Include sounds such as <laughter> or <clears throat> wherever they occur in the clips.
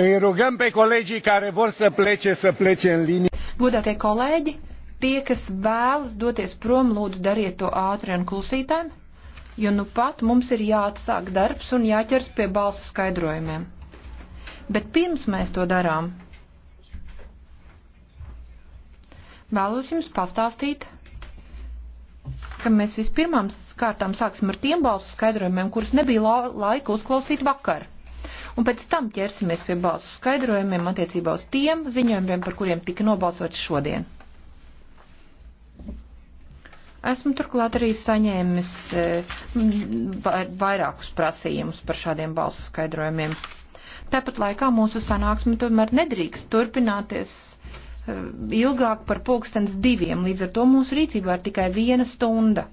Îi rugăm pe colegii care vor să plece, să plece în linie. Godātie kolēģi, tie, kas vēlas doties prom, lūdzu dariet to ātri un klusītēm, jo nu pat mums ir jāatsāk darbs un jāķers pie balsu skaidrojumiem. Bet pirms mēs to darām, vēlos jums pastāstīt, ka mēs vispirmām kārtām sāksim ar tiem balsu skaidrojumiem, kurus nebija la laika uzklausīt vakar un pēc tam ķersimies pie balsu skaidrojumiem attiecībā uz tiem ziņojumiem, par kuriem tika nobalsots šodien. Esmu turklāt arī saņēmis e, vairākus prasījumus par šādiem balsu skaidrojumiem. Tāpat laikā mūsu sanāksme tomēr nedrīkst turpināties e, ilgāk par pulkstens diviem, līdz ar to mūsu rīcībā ir tikai viena stunda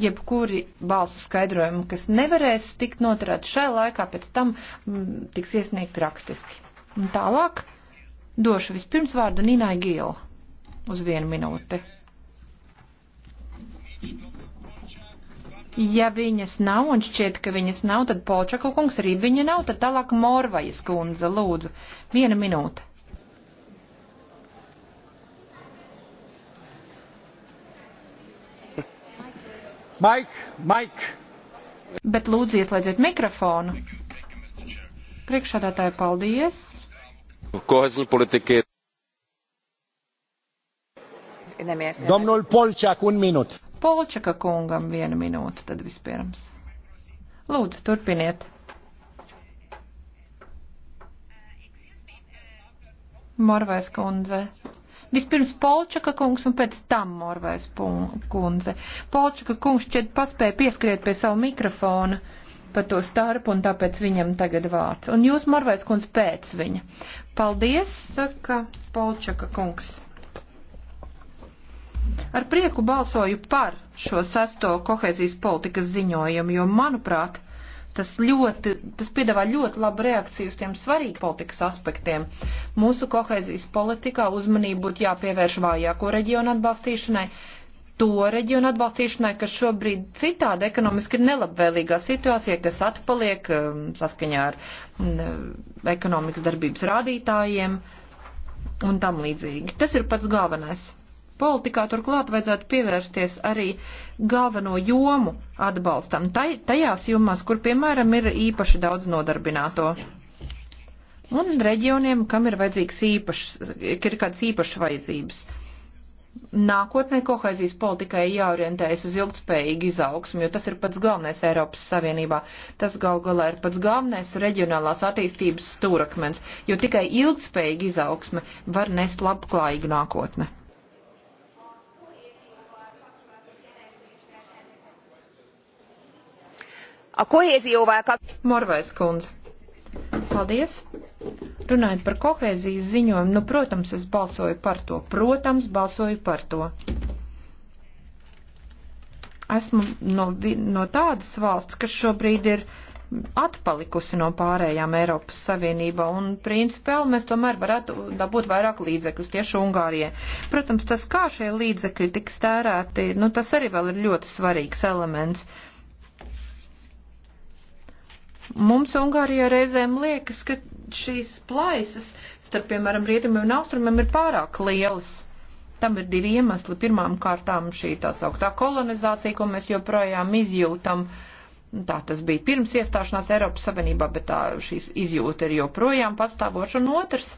jebkuri balsu skaidrojumi, kas nevarēs tikt noturēt šai laikā, pēc tam m, mm, tiks iesniegt rakstiski. Un tālāk došu vispirms vārdu Ninai Gīla uz vienu minūti. Ja viņas nav, un šķiet, ka viņas nav, tad Polčaka kungs arī viņa nav, tad tālāk Morvajas kundze, lūdzu, viena minūte. Mike, Mike. Bet lūdzu ieslēdziet mikrofonu. Priekšādātāji, paldies. Kohezní politiky. Domnul Polčak, un minūt. Polčaka kungam viena minūte tad vispirms. Lūdzu, turpiniet. Morvais kundze. Vispirms Polčaka kungs un pēc tam Morvais kundze. Polčaka kungs šķiet paspēja pieskriet pie savu mikrofonu pa to starpu un tāpēc viņam tagad vārds. Un jūs, Morvais kundz, pēc viņa. Paldies, saka Polčaka kungs. Ar prieku balsoju par šo sesto kohēzijas politikas ziņojumu, jo, manuprāt, tas ļoti, tas piedāvā ļoti labu reakciju uz tiem svarīgiem politikas aspektiem. Mūsu kohēzijas politikā uzmanību būtu jāpievērš vājāko reģionu atbalstīšanai, to reģionu atbalstīšanai, kas šobrīd citādi ekonomiski ir nelabvēlīgā situācija, kas atpaliek um, saskaņā ar mm, ekonomikas darbības rādītājiem un tam līdzīgi. Tas ir pats galvenais. Politikā turklāt vajadzētu pievērsties arī galveno jomu atbalstam, tai, tajās jomās, kur, piemēram, ir īpaši daudz nodarbināto. Un reģioniem, kam ir vajadzīgs īpašs, ir kādas īpašas vajadzības. Nākotnē kohēzijas politikai jāorientējas uz ilgspējīgu izaugsmu, jo tas ir pats galvenais Eiropas Savienībā. Tas gal galā ir pats galvenais reģionālās attīstības stūrakmens, jo tikai ilgspējīga izaugsme var nest labklājīgu nākotni. A kohézióval kapcsolatban. Morvais kundze. Paldies. Runājot par kohēzijas ziņojumu, nu, protams, es balsoju par to. Protams, balsoju par to. Esmu no, no tādas valsts, kas šobrīd ir atpalikusi no pārējām Eiropas Savienībā, un principāli mēs tomēr varētu dabūt vairāk līdzekļus tieši Ungārijai. Protams, tas, kā šie līdzekļi tiks tērēti, nu, tas arī vēl ir ļoti svarīgs elements. Uh, Mums Ungārijā reizēm liekas, ka šīs plaisas starp, piemēram, rietumiem un austrumiem ir pārāk lielas. Tam ir divi iemesli. Pirmām kārtām šī tā sauktā kolonizācija, ko mēs joprojām izjūtam. Tā tas bija pirms iestāšanās Eiropas Savienībā, bet tā šīs izjūta ir joprojām pastāvoša. Un otrs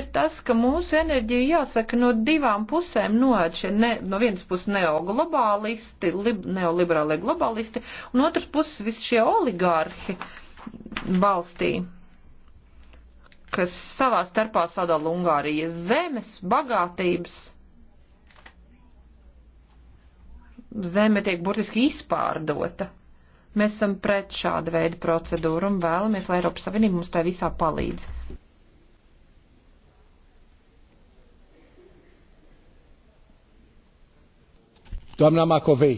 ir tas, ka mūsu enerģija jāsaka no divām pusēm noēd šie ne, no vienas puses neoglobālisti, lib, neoliberālie globālisti, un otrs puses visi šie oligārhi. Uh, valstī, kas savā starpā sadala Ungārijas zemes, bagātības. Zeme tiek burtiski izpārdota. Mēs esam pret šādu veidu procedūru un vēlamies, lai Eiropas Savienība mums tā visā palīdz. Doamna Makovei.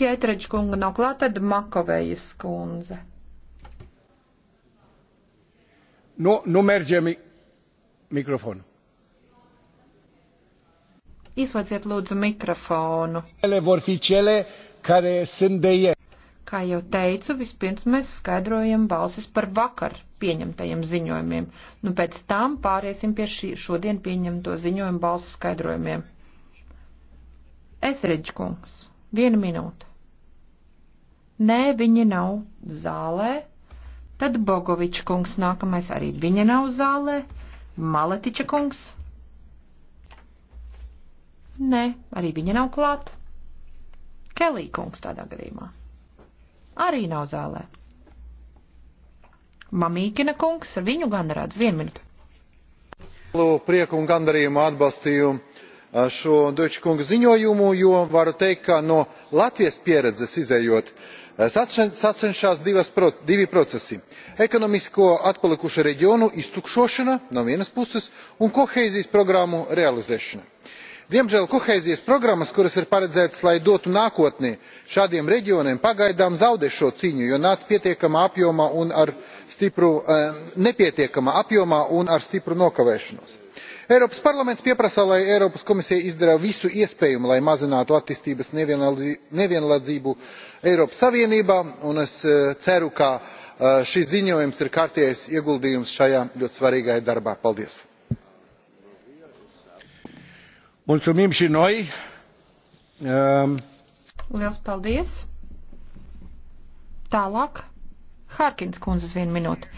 Ja Etreģis kunga nav klāt, tad Makovejas kundze. Nu, nu merge mi mikrofonu. Izslēdziet lūdzu mikrofonu. Kā jau teicu, vispirms mēs skaidrojam balsis par vakar pieņemtajiem ziņojumiem. Nu, pēc tam pāriesim pie šī šodien pieņemto ziņojumu balsu skaidrojumiem. Esriģ kungs, viena minūte. Nē, viņi nav zālē. Tad Bogoviča kungs nākamais arī viņa nav zālē. Maletiča kungs. Nē, arī viņa nav klāt. Kelī kungs tādā gadījumā. Arī nav zālē. Mamīkina kungs, ar viņu gan redz vienu minūtu. Prieku un gandarījumu atbalstīju šo Deutsche kunga ziņojumu, jo varu teikt, ka no Latvijas pieredzes izējot, uh, Eh, sacenšas divi procesi ekonomisko atpalikušo reģionu iztukšošana no vienas puses un kohēzijas programmu realizēšana. diemžēl kohēzijas programmas kuras ir paredzētas lai dotu nākotni šādiem reģioniem pagaidām zaudē šo cīņu jo nāca pietiekamā apjomā un ar stipru eh, nepietiekamā apjomā un ar stipru nokavēšanos eiropas parlaments pieprasa lai eiropas komisija izdara visu iespējamo lai mazinātu attīstības nevienlīdzību eiropas savienībā un es eh, ceru ka eh, šis ziņojums ir kārtējais ieguldījums šajā ļoti svarīgajā darbā. paldies! Mulțumim și noi. Um... Liels paldies! Tālāk. Hārkins kundzes vienu minūti.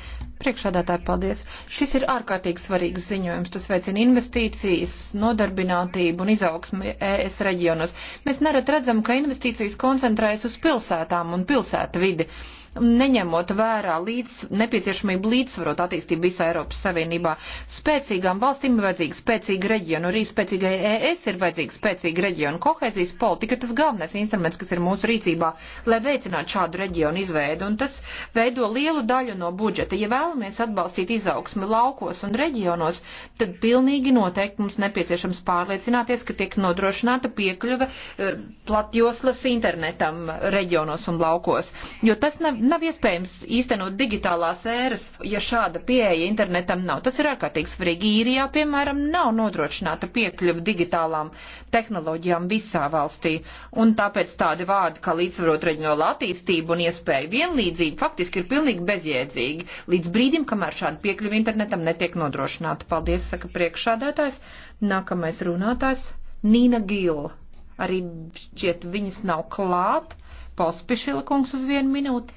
Priekšādātāji, paldies. Šis ir ārkārtīgi svarīgs ziņojums. Tas veicina investīcijas, nodarbinātību un izaugsmu ES reģionos. Mēs nerad redzam, ka investīcijas koncentrējas uz pilsētām un pilsētu vidi. Uh, neņemot vērā līdz, nepieciešamību līdzsvarot attīstību visā Eiropas Savienībā. Spēcīgām valstīm ir vajadzīga spēcīga reģiona, arī spēcīgai ES ir vajadzīga spēcīga reģiona. Kohēzijas politika ir tas galvenais instruments, kas ir mūsu rīcībā, lai veicinātu šādu reģionu izveidu, un tas veido lielu daļu no budžeta. Ja vēlamies atbalstīt izaugsmi laukos un reģionos, tad pilnīgi noteikti mums nepieciešams pārliecināties, ka tiek nodrošināta piekļuve eh, platjoslas internetam reģionos un laukos, jo tas nav nav iespējams īstenot digitālās ēras, ja šāda pieeja internetam nav. Tas ir ārkārtīgi svarīgi. Īrijā, piemēram, nav nodrošināta piekļuva digitālām tehnoloģijām visā valstī, un tāpēc tādi vārdi kā līdzsvarot reģionāla attīstība un iespēja vienlīdzība faktiski ir pilnīgi bezjēdzīgi, līdz brīdim, kamēr šāda piekļuva internetam netiek nodrošināta. Paldies, saka priekšādētājs. Nākamais runātājs - Nīna Gila. Arī šķiet, viņas nav klāt. Pospišila kungs uz vienu minūti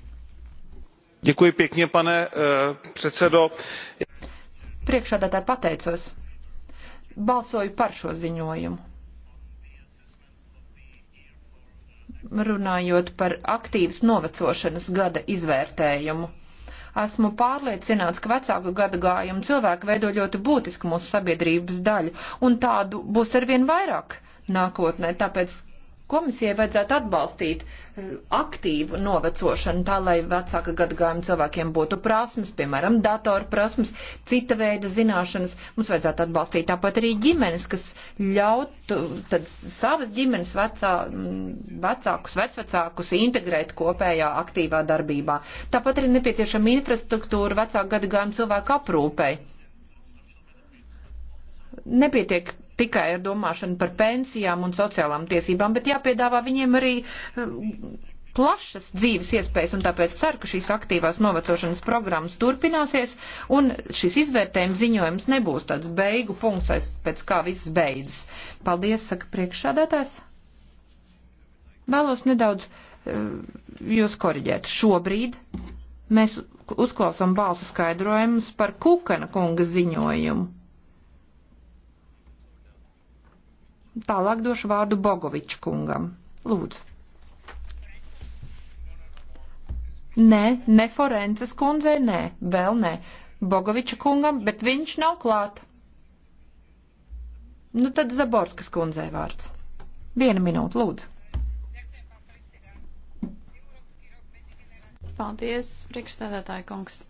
pane eh, předsedající priekšsēdētāj pateicos balsoju par šo ziņojumu. Runājot par aktīvas novecošanas gada izvērtējumu. Esmu pārliecināts, ka vecāku gadu gājumu cilvēki veido ļoti būtisku mūsu sabiedrības daļu, un tādu būs arvien vairāk nākotnē, tāpēc Komisijai vajadzētu atbalstīt eh, aktīvu novecošanu, tā lai vecāka gadagājuma cilvēkiem būtu prasmes, piemēram, datoru prasmes, cita veida zināšanas. Mums vajadzētu atbalstīt tāpat arī ģimenes, kas ļautu tad savas ģimenes vecā, vecākus, vecvecākus integrēt kopējā aktīvā darbībā. Tāpat arī nepieciešama infrastruktūra vecāka gadagājuma cilvēku aprūpei nepietiek tikai ar domāšanu par pensijām un sociālām tiesībām, bet jāpiedāvā viņiem arī um, plašas dzīves iespējas, un tāpēc ceru, ka šīs aktīvās novecošanas programmas turpināsies, un šis izvērtējums ziņojums nebūs tāds beigu punkts, pēc kā viss beidzas. Paldies, saka priekšsādātājs. Vēlos nedaudz um, jūs koriģēt. Šobrīd mēs uzklausām balsu skaidrojumus par Kukana kunga ziņojumu. Tālāk došu vārdu Bogoviču kungam. Lūdzu. Nē, ne Forences kundzei, nē, vēl nē. Bogoviča kungam, bet viņš nav klāt. Nu tad Zaborskas kundzei vārds. Viena minūte, lūdzu. Paldies, priekšsēdētāji kungs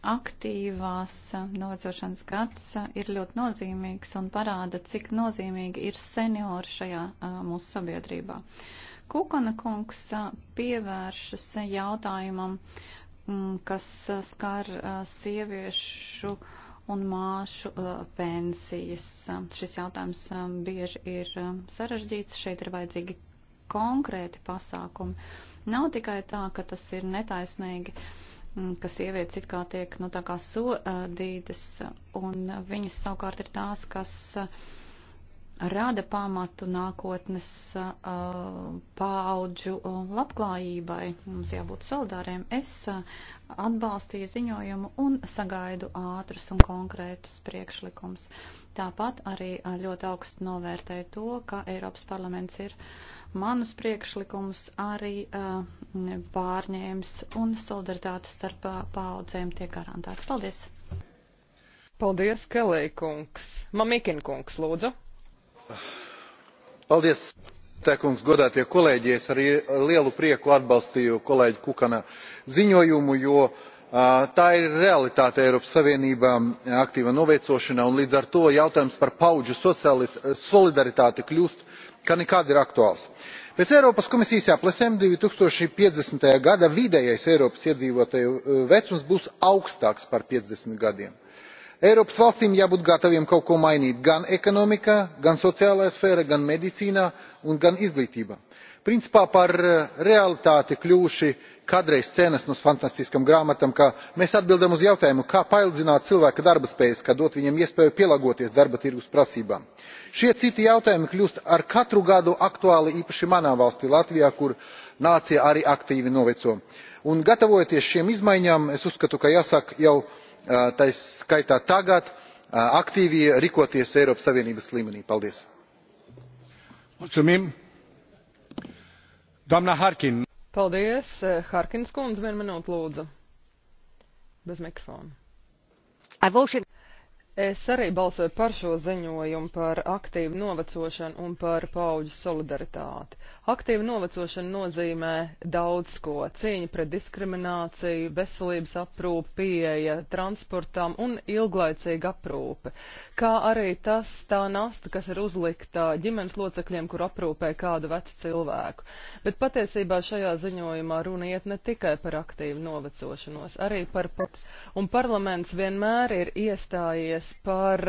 aktīvās novecošanas gads ir ļoti nozīmīgs un parāda, cik nozīmīgi ir seniori šajā mūsu sabiedrībā. Kukana kungs pievēršas jautājumam, kas skar sieviešu un māšu pensijas. Šis jautājums bieži ir sarežģīts, šeit ir vajadzīgi konkrēti pasākumi. Nav tikai tā, ka tas ir netaisnīgi Mm, ka sievietes it kā tiek, nu, tā kā sodītas, un viņas savukārt ir tās, kas uh, rada pamatu nākotnes uh, paaudžu uh, labklājībai. Mums jābūt solidāriem. Es atbalstīju ziņojumu un sagaidu ātrus un konkrētus priekšlikums. Tāpat arī ļoti augstu novērtēju to, ka Eiropas parlaments ir. Uh, manus priekšlikumus arī uh, pārņēmis un solidaritāte starp uh, paudzēm tiek garantēta. Paldies! Paldies, Kelī kungs! Mamikin kungs, lūdzu! Paldies, Tēkungs, godātie kolēģi! Es arī lielu prieku atbalstīju kolēģi Kukana ziņojumu, jo tā ir realitāte eiropas savienībā aktīva novecošana un līdz ar to jautājums par paudžu solidaritāti kļūst ka nekad ir aktuāls. pēc eiropas komisijas aplēsēm līdz two thousand and fifty gadam vidējais eiropas iedzīvotāju eh, vecums būs augstāks par piecdesmit gadiem. eiropas valstīm jābūt gatavām kaut ko mainīt gan ekonomikā gan sociālajā sfērā gan medicīnā un gan izglītībā principā par eh, realitāti kļuvuši kādreiz scenas no fantastiskām grāmatām ka mēs atbildam uz jautājumu kā paildzināt cilvēka darbaspējas kā dot viņam iespēju pielāgoties darba tirgus prasībām. šie citi jautājumi kļūst ar katru gadu aktuāli īpaši manā valstī latvijā kur nācija arī aktīvi noveco. un gatavojoties šīm izmaiņām es uzskatu ka jāsāk jau eh, tā skaitā tagad eh, aktīvi rīkoties eiropas savienības līmenī. paldies! Doamna Harkin. Paldies. Eh, Harkins kundze, vienu minūtu lūdzu. Bez mikrofona. Es arī balsoju par šo ziņojumu par aktīvu novecošanu un par paauģu solidaritāti. Aktīva novecošana nozīmē daudz ko - cīņa pret diskrimināciju, veselības aprūpe, pieeja transportam un ilglaicīga aprūpe, kā arī tas tā nasta, kas ir uzlikta ģimenes locekļiem, kur aprūpē kādu vecu cilvēku. Bet patiesībā šajā ziņojumā runa iet ne tikai par aktīvu novecošanos, arī par pat, un parlaments vienmēr ir iestājies vienojāmies par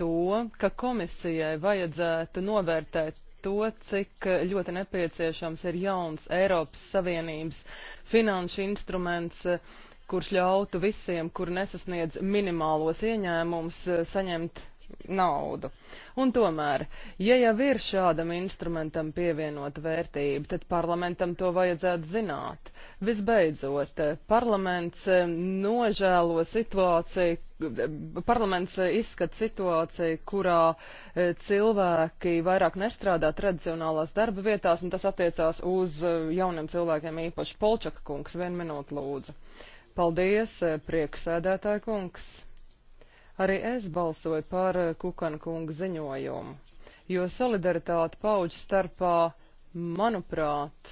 to, ka komisijai vajadzētu novērtēt to, cik ļoti nepieciešams ir jauns Eiropas Savienības finanšu instruments, kurš ļautu visiem, kur nesasniedz minimālos ieņēmumus, saņemt naudu. Un tomēr, ja jau ir šādam instrumentam pievienota vērtība, tad parlamentam to vajadzētu zināt. Visbeidzot, parlaments eh, nožēlo situāciju, eh, parlaments eh, izskat situāciju, kurā cilvēki vairāk nestrādā tradicionālās darba vietās, un tas attiecās uz jauniem cilvēkiem īpaši Polčaka kungs. Vienu minūtu lūdzu. Paldies, prieksēdētāji kungs. Arī es balsoju par eh, Kukankunga ziņojumu, jo solidaritāte pauģu starpā, manuprāt,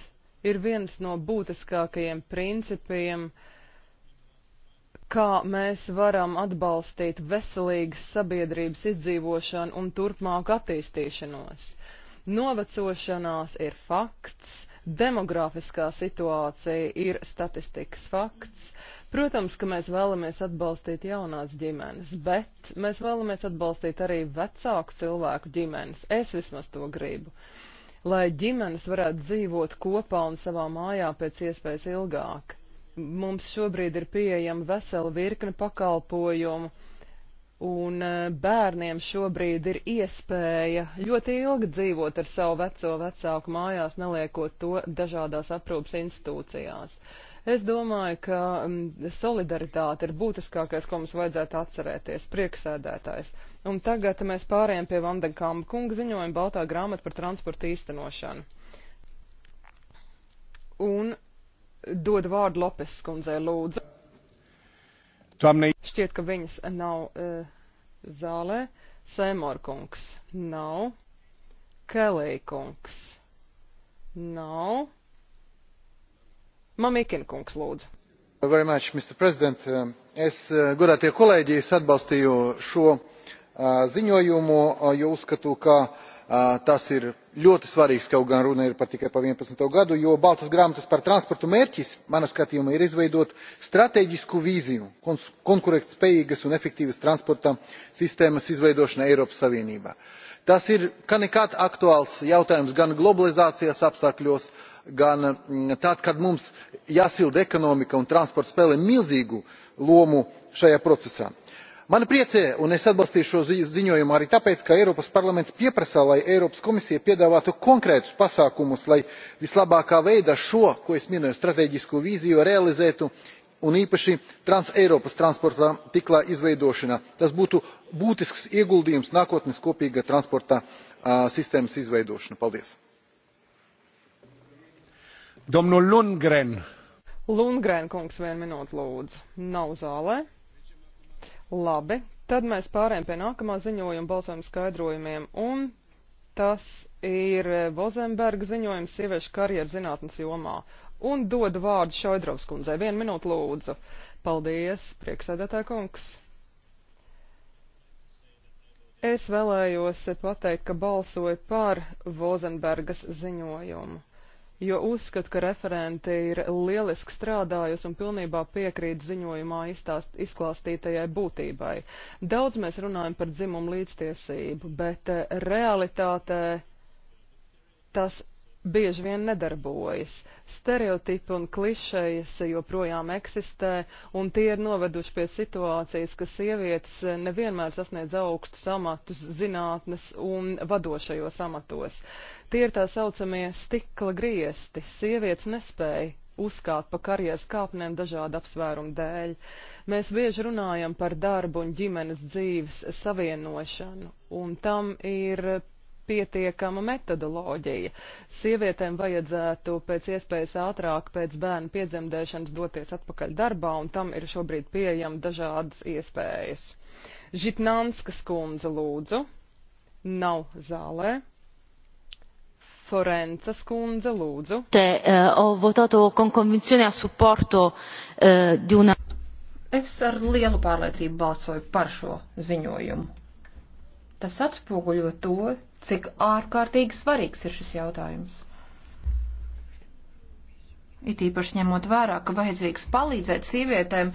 ir viens no būtiskākajiem principiem, kā mēs varam atbalstīt veselīgas sabiedrības izdzīvošanu un turpmāku attīstīšanos. Novecošanās ir fakts, demografiskā situācija ir statistikas fakts, Protams, ka mēs vēlamies atbalstīt jaunās ģimenes, bet mēs vēlamies atbalstīt arī vecāku cilvēku ģimenes. Es vismaz to gribu. Lai ģimenes varētu dzīvot kopā un savā mājā pēc iespējas ilgāk. Mums šobrīd ir pieejama vesela virkne pakalpojumu, un eh, bērniem šobrīd ir iespēja ļoti ilgi dzīvot ar savu veco vecāku mājās, neliekot to dažādās aprūpas institūcijās. Uh, Es domāju, ka mm, solidaritāte ir būtiskākais, ko mums vajadzētu atcerēties, prieksēdētājs. Un tagad mēs pārējām pie Vandenkāma kunga ziņojuma Baltā grāmata par transportu īstenošanu. Un dod vārdu Lopes skundzei lūdzu. Doamnei... Šķiet, ka viņas nav e, zālē. Sēmorkungs nav. Kelīkungs nav. Mamikina kungs lūdzu. Much, Mr. President. Uh, es, uh, godātie kolēģi, es atbalstīju šo uh, ziņojumu, jo uzskatu, ka tas ir ļoti svarīgs kaut gan runa ir par tikai par 11. gadu, jo Baltas grāmatas par transportu mērķis, mana skatījumā, ir izveidot strateģisku vīziju konkurētspējīgas un efektīvas transporta sistēmas izveidošanai Eiropas Savienībā. Tas ir kā nekad aktuāls jautājums gan globalizācijas apstākļos, gan mm, tad kad mums jāsilda ekonomika un transports spēlē milzīgu lomu šajā procesā. mani priecē un es atbalstīšu šo ziņojumu arī tāpēc ka eiropas parlaments pieprasa lai eiropas komisija piedāvātu konkrētus pasākumus lai vislabākā veidā šo ko es minēju stratēģisko vīziju realizētu un īpaši transeiropas transporta tīkla izveidošana. tas būtu būtisks ieguldījums nākotnes kopīgā transporta sistēmas izveidošanā. paldies! Domnul Lundgren. Lundgren kungs, vienu minūtu lūdzu. Nav zālē. Labi, tad mēs pārējām pie nākamā ziņojuma balsojuma skaidrojumiem, un tas ir Bozemberga ziņojums sieviešu karjeras zinātnes jomā. Un dod vārdu Šaidrovs kundzei. Vienu minūtu lūdzu. Paldies, prieksēdētā kungs. Es vēlējos pateikt, ka balsoju par Vozenbergas ziņojumu jo uzskatu, ka referente ir lieliski strādājusi un pilnībā piekrīt ziņojumā izstāst, izklāstītajai būtībai. Daudz mēs runājam par dzimumu līdztiesību, bet eh, realitātē tas bieži vien nedarbojas. Stereotipi un klišejas joprojām eksistē, un tie ir noveduši pie situācijas, ka sievietes nevienmēr sasniedz augstu amatus zinātnes un vadošajos amatos. Tie ir tā saucamie stikla griesti. Sievietes nespēja uzkāpt pa karjeras kāpnēm dažādu apsvērumu dēļ. Mēs bieži runājam par darbu un ģimenes dzīves savienošanu, un tam ir pietiekama metodoloģija. Sievietēm vajadzētu pēc iespējas ātrāk pēc bērnu piedzemdēšanas doties atpakaļ darbā, un tam ir šobrīd pieejama dažādas iespējas. Žitnānskas kundze lūdzu, nav zālē. Forenza skundze lūdzu. Te, uh, ho votato con convinzione a supporto uh, di una. Es ar lielu pārliecību balsoju par šo ziņojumu. Tas atspoguļo to, cik ārkārtīgi svarīgs ir šis jautājums. It īpaši ņemot vērā, ka vajadzīgs palīdzēt sievietēm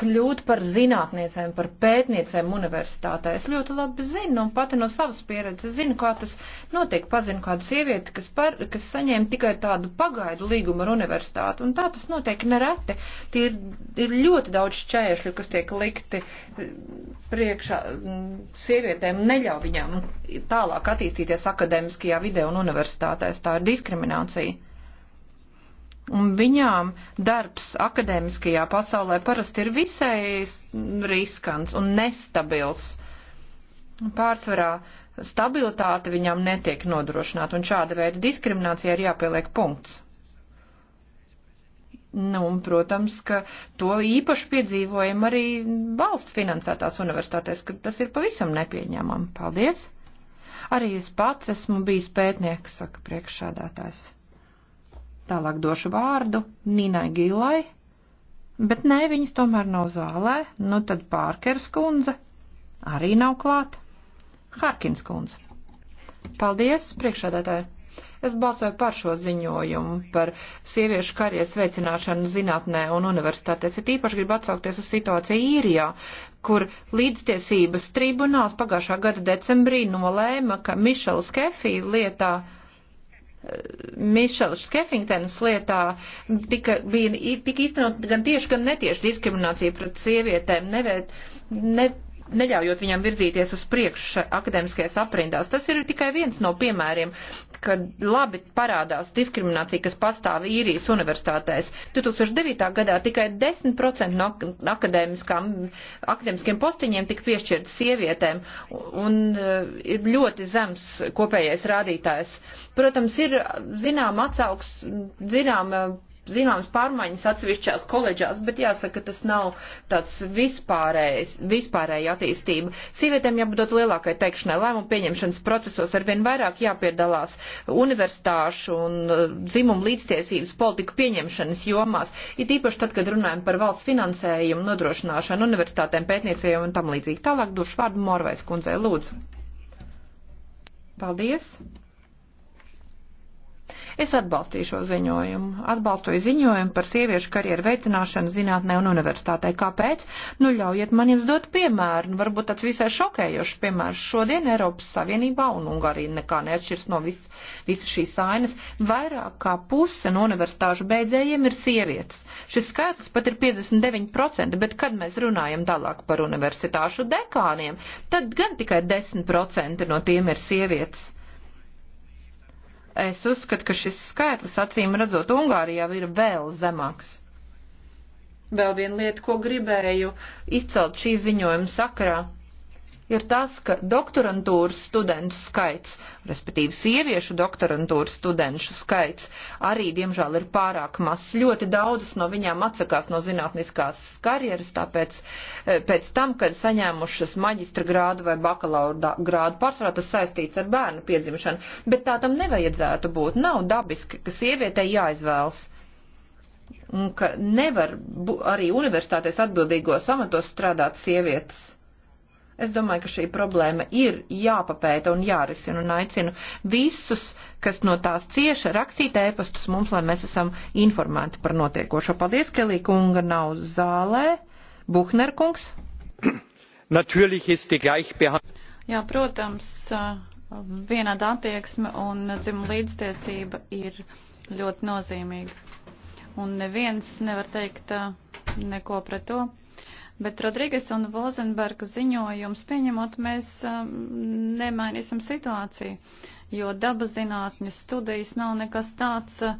kļūt par zinātniecēm, par pētniecēm universitātē. Es ļoti labi zinu, un pati no savas pieredzes zinu, kā tas notiek. Pazinu kādu sievieti, kas, par, kas saņēma tikai tādu pagaidu līgumu ar universitāti, un tā tas notiek nereti. Tie ir, ir ļoti daudz šķēršļu, kas tiek likti eh, priekšā mm, sievietēm, neļauj viņām tālāk attīstīties akadēmiskajā vidē un universitātēs. Tā ir diskriminācija. Un viņām darbs akadēmiskajā pasaulē parasti ir visai riskants un nestabils. Pārsvarā stabilitāte viņām netiek nodrošināta, un šāda veida diskriminācija ir jāpieliek punkts. Nu, un, protams, ka to īpaši piedzīvojam arī valsts finansētās universitātēs, ka tas ir pavisam nepieņēmami. Paldies! Arī es pats esmu bijis pētnieks, saka priekšsādātājs. Tālāk došu vārdu Ninai Gilai, bet nē, viņas tomēr nav zālē, nu tad Pārkers kundze arī nav klāt. Harkins kundze. Paldies, priekšādātāji! Es balsoju par šo ziņojumu par sieviešu karjeras veicināšanu zinātnē un universitātēs. Ir īpaši gribu atsaukties uz situāciju īrijā, kur līdztiesības tribunāls pagājušā gada decembrī nolēma, ka Mišela Skefī lietā Mišela Skefingtenas lietā tika, bija, tika īstenot gan tieši, gan netieši diskriminācija pret sievietēm, nevērt, ne, neļaujot viņam virzīties uz priekšu akadēmiskajās aprindās. Tas ir tikai viens no piemēriem, kad labi parādās diskriminācija, kas pastāv īrijas universitātēs. 2009. gadā tikai 10% no akadēmiskiem postiņiem tika piešķirti sievietēm, un e, ir ļoti zems kopējais rādītājs. Protams, ir zinām atsauks, zinām zināmas pārmaiņas atsevišķās koledžās, bet jāsaka, tas nav tāds vispārējais, vispārēja attīstība. Sievietēm jābūt lielākai teikšanai lēmumu pieņemšanas procesos, arvien vairāk jāpiedalās universitāšu un uh, dzimumu līdztiesības politiku pieņemšanas jomās, ir īpaši tad, kad runājam par valsts finansējumu, nodrošināšanu universitātēm, pētniecējiem un tam līdzīgi. Tālāk došu vārdu Morvais kundzei, lūdzu. Paldies! Es atbalstīju šo ziņojumu. Atbalstoju ziņojumu par sieviešu karjeru veicināšanu zinātnē un universitātē. Kāpēc? Nu, ļaujiet man jums dot piemēru. Nu, varbūt tāds visai šokējošs piemērs. Šodien Eiropas Savienībā un Ungārija nekā neatšķirs no vis, visas šīs sainas. Vairāk kā puse no universitāšu beidzējiem ir sievietes. Šis skaits pat ir 59%, bet kad mēs runājam tālāk par universitāšu dekāniem, tad gan tikai 10% no tiem ir sievietes. Es uzskatu, ka šis skaitlis acīm redzot Ungārijā ir vēl zemāks. Vēl viena lieta, ko gribēju izcelt šī ziņojuma sakarā ir tas, ka doktorantūras studentu skaits, respektīvi sieviešu doktorantūras studentu skaits, arī, diemžēl, ir pārāk mazs. Ļoti daudzas no viņām atsakās no zinātniskās karjeras, tāpēc eh, pēc tam, kad saņēmušas maģistra grādu vai bakalaura grādu, pārsvarā tas saistīts ar bērnu piedzimšanu, bet tā tam nevajadzētu būt. Nav dabiski, ka sievietei jāizvēlas un ka nevar arī universitātēs atbildīgos amatos strādāt sievietes Es domāju, ka šī problēma ir jāpapēta un jārisina un aicinu visus, kas no tās cieša, rakstīt ēpastus mums, lai mēs esam informēti par notiekošo. Paldies, Kelī kunga nav zālē. Buhner kungs. Jā, protams, vienāda attieksme un dzimuma līdztiesība ir ļoti nozīmīga. Un neviens nevar teikt neko pret to. Bet Rodrīgas un Vozenberga ziņojums pieņemot, mēs um, nemainīsim situāciju, jo dabas zinātņu studijas nav nekas tāds, uh,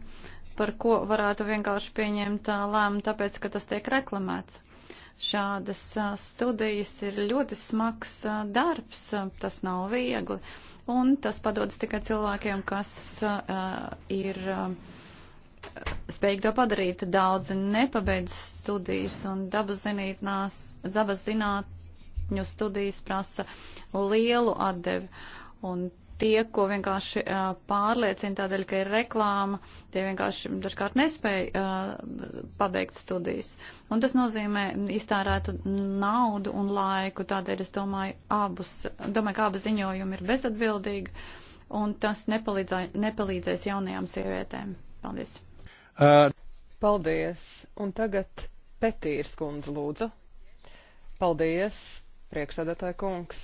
par ko varētu vienkārši pieņemt uh, lēmumu, tāpēc, ka tas tiek reklamēts. Šādas uh, studijas ir ļoti smags darbs, tas nav viegli, un tas padodas tikai cilvēkiem, kas uh, ir. Uh, spēj to padarīt. Daudzi nepabeidz studijas un dabas zinātņu studijas prasa lielu atdevi. Un tie, ko vienkārši uh, pārliecina tādēļ, ka ir reklāma, tie vienkārši dažkārt nespēja uh, pabeigt studijas. Un tas nozīmē iztērētu naudu un laiku, tādēļ es domāju, abus, domāju, ka abi ziņojumi ir bezatbildīgi, un tas nepalīdzēs jaunajām sievietēm. Paldies! Uh, Paldies. Un tagad Petīrs kundze lūdzu. Paldies, priekšsēdētāja kungs.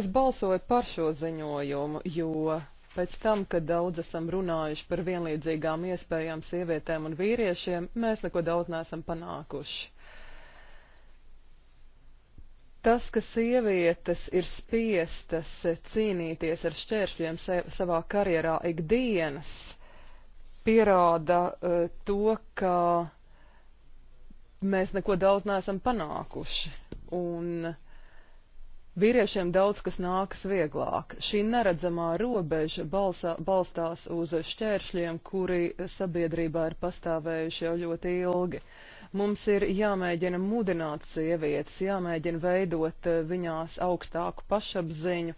Es balsoju par šo ziņojumu, jo Pēc tam, kad daudz esam runājuši par vienlīdzīgām iespējām sievietēm un vīriešiem, mēs neko daudz neesam panākuši. Tas, ka sievietes ir spiestas cīnīties ar šķēršļiem savā karjerā ikdienas, pierāda uh, to, ka mēs neko daudz neesam panākuši. Un vīriešiem daudz kas nākas vieglāk. Šī neredzamā robeža balsā, balstās uz šķēršļiem, kuri sabiedrībā ir pastāvējuši jau ļoti ilgi. Uh, Mums ir jāmēģina mudināt sievietes, jāmēģina veidot eh, viņās augstāku pašapziņu,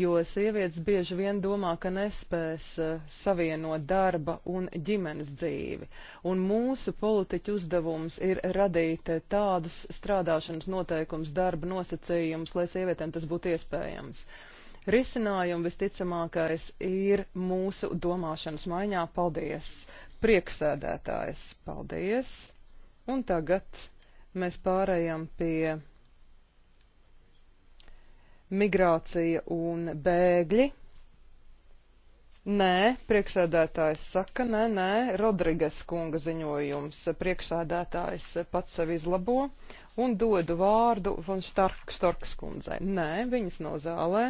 jo sievietes bieži vien domā, ka nespēs eh, savienot darba un ģimenes dzīvi. Un mūsu politiķu uzdevums ir radīt eh, tādus strādāšanas noteikums, darba nosacījumus, lai sievietēm tas būtu iespējams. Risinājumu visticamākais ir mūsu domāšanas maiņā. Paldies! Prieksēdētājs, paldies! Un tagad mēs pārējām pie migrācija un bēgļi. Nē, priekšsēdētājs saka, nē, nē, Rodrigas kunga ziņojums. Priekšsēdētājs pats sev izlabo un dodu vārdu von Stark, Storkas kundzei. Nē, viņas nav no zālē.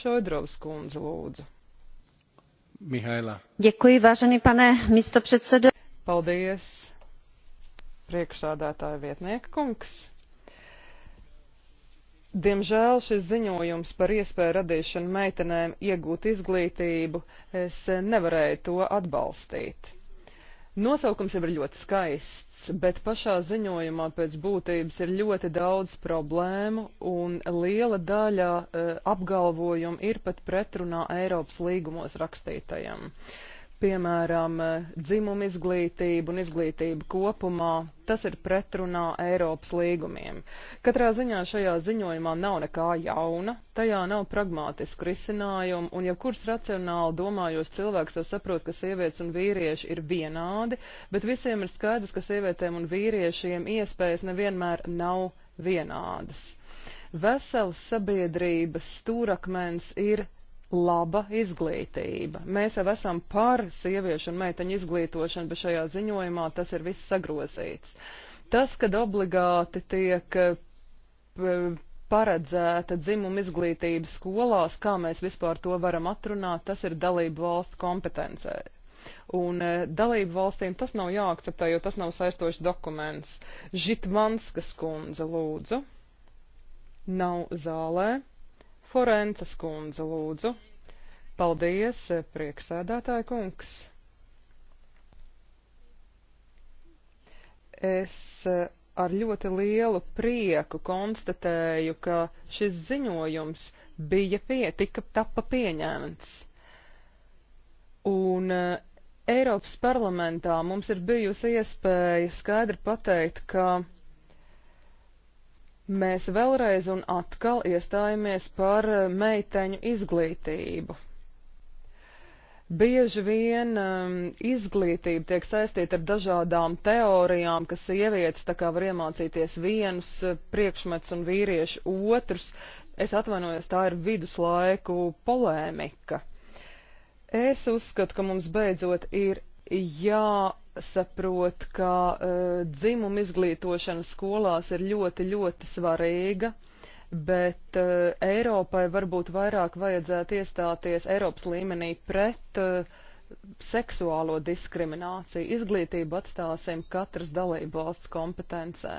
Šodrovs kundze lūdzu. Mihailā. Děkuji, vážený pane místopředsedo. Paldies priekšsādātāja vietnieka kungs. Diemžēl šis ziņojums par iespēju radīšanu meitenēm iegūt izglītību, es nevarēju to atbalstīt. Nosaukums jau ir ļoti skaists, bet pašā ziņojumā pēc būtības ir ļoti daudz problēmu, un liela daļa e, apgalvojumu ir pat pretrunā Eiropas līgumos rakstītajam. E, piemēram, dzimumu izglītību un izglītību kopumā, tas ir pretrunā Eiropas līgumiem. Katrā ziņā šajā ziņojumā nav nekā jauna, tajā nav pragmātisku risinājumu, un ja kurs racionāli domājos cilvēks, tas saprot, ka sievietes un vīrieši ir vienādi, bet visiem ir skaidrs, ka sievietēm un vīriešiem iespējas nevienmēr nav vienādas. Vesels sabiedrības stūrakmens ir laba izglītība. Mēs jau esam par sieviešu un meiteņu izglītošanu, bet šajā ziņojumā tas ir viss sagrozīts. Tas, kad obligāti tiek eh, paredzēta dzimuma izglītība skolās, kā mēs vispār to varam atrunāt, tas ir dalību valstu kompetencē. Un eh, dalību valstīm tas nav jāakceptē, jo tas nav saistošs dokuments. Žitmanskas kundze, lūdzu, nav zālē. Forences kundze, lūdzu. Paldies, eh, prieksēdētāja kungs. Es eh, ar ļoti lielu prieku konstatēju, ka šis ziņojums bija pie, tika tapa pieņēmts. Un eh, Eiropas parlamentā mums ir bijusi iespēja skaidri pateikt, ka Mēs vēlreiz un atkal iestājamies par eh, meiteņu izglītību. Bieži vien um, izglītība tiek saistīta ar dažādām teorijām, ka sievietes tā kā var iemācīties vienus eh, priekšmets un vīrieši otrus. Es atvainojos, tā ir viduslaiku polēmika. Es uzskatu, ka mums beidzot ir jā jāsaprot, ka uh, eh, dzimuma izglītošana skolās ir ļoti, ļoti svarīga, bet uh, Eiropai varbūt vairāk vajadzētu iestāties Eiropas līmenī pret uh, seksuālo diskrimināciju. Izglītību atstāsim katras dalību valsts kompetencē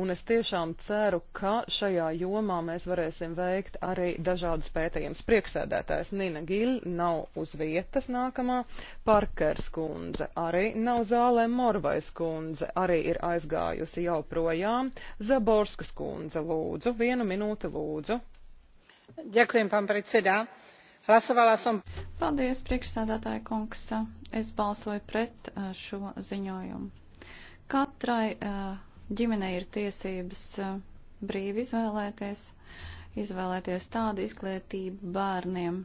un es tiešām ceru, ka šajā jomā mēs varēsim veikt arī dažādas pētījumas. Prieksēdētājs Nina Gil nav uz vietas nākamā, Parkers kundze arī nav zālē, Morvais kundze arī ir aizgājusi jau projām, Zaborskas kundze lūdzu, vienu minūti lūdzu. Ďakujem, pán predseda. Hlasovala som. Paldies, priekšsādātāja kungs. Es balsoju pret eh, šo ziņojumu. Katrai uh, ģimenei ir tiesības eh, brīvi izvēlēties, izvēlēties tādu izglītību bērniem,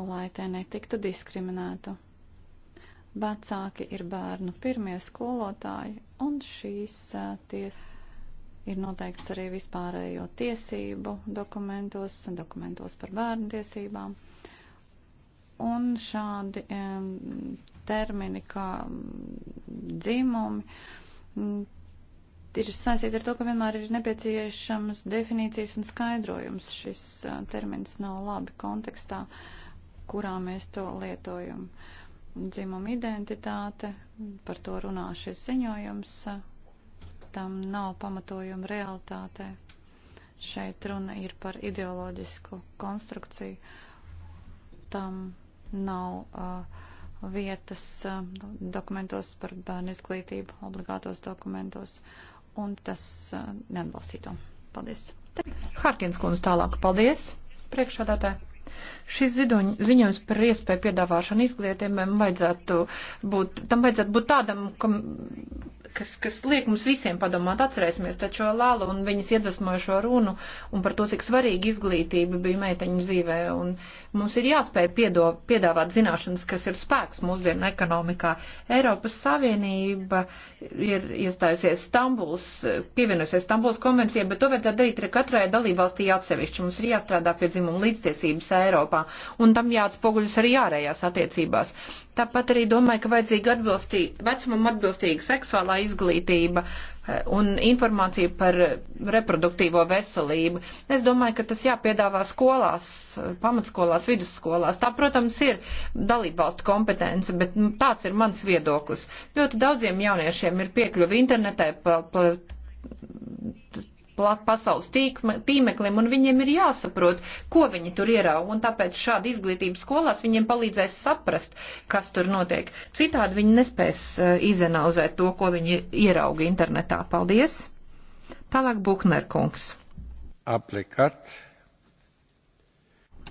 lai te netiktu diskriminētu. Vecāki ir bērnu pirmie skolotāji, un šīs eh, tiesas ir noteikts arī vispārējo tiesību dokumentos, dokumentos par bērnu tiesībām. Un šādi termini kā mm, dzimumi mm, ir saistīta ar to, ka vienmēr ir nepieciešams definīcijas un skaidrojums. Šis termins nav labi kontekstā, kurā mēs to lietojam. Dzimuma identitāte, par to runā šis ziņojums, tam nav pamatojuma realitātē. Šeit runa ir par ideoloģisku konstrukciju. Tam nav uh, vietas uh, dokumentos par bērnu izglītību, obligātos dokumentos. Uh, un tas uh, neatbalstīto. Paldies. Harkins kundze tālāk. Paldies. Priekšādātāji. Šis zidoņ, ziņojums par iespēju piedāvāšanu izglītībiem vajadzētu būt, tam vajadzētu būt tādam, kam kas, kas liek mums visiem padomāt, atcerēsimies taču Lalu un viņas iedvesmojošo runu un par to, cik svarīga izglītība bija meiteņu dzīvē. Un mums ir jāspēj piedo, piedāvāt zināšanas, kas ir spēks mūsdienu ekonomikā. Eiropas Savienība ir iestājusies Stambuls, pievienojusies Stambuls konvencijai, bet to vajadzētu darīt arī katrai dalībvalstī atsevišķi. Mums ir jāstrādā pie dzimuma līdztiesības Eiropā un tam jāatspoguļas arī ārējās attiecībās. Tāpat arī domāju, ka vajadzīga atbilstī, vecumam atbilstīga seksuālā izglītība eh, un informācija par reproduktīvo veselību. Es domāju, ka tas jāpiedāvā skolās, pamatskolās, vidusskolās. Tā, protams, ir dalībvalstu kompetence, bet nu, tāds ir mans viedoklis. Ļoti daudziem jauniešiem ir piekļuvi internetai, pa, pa, plak pasaules tīkme, tīmeklim, un viņiem ir jāsaprot, ko viņi tur ierauga, un tāpēc šāda izglītība skolās viņiem palīdzēs saprast, kas tur notiek. Citādi viņi nespēs uh, izanalizēt to, ko viņi ierauga internetā. Paldies! Tālāk Buhner kungs. Aplikat.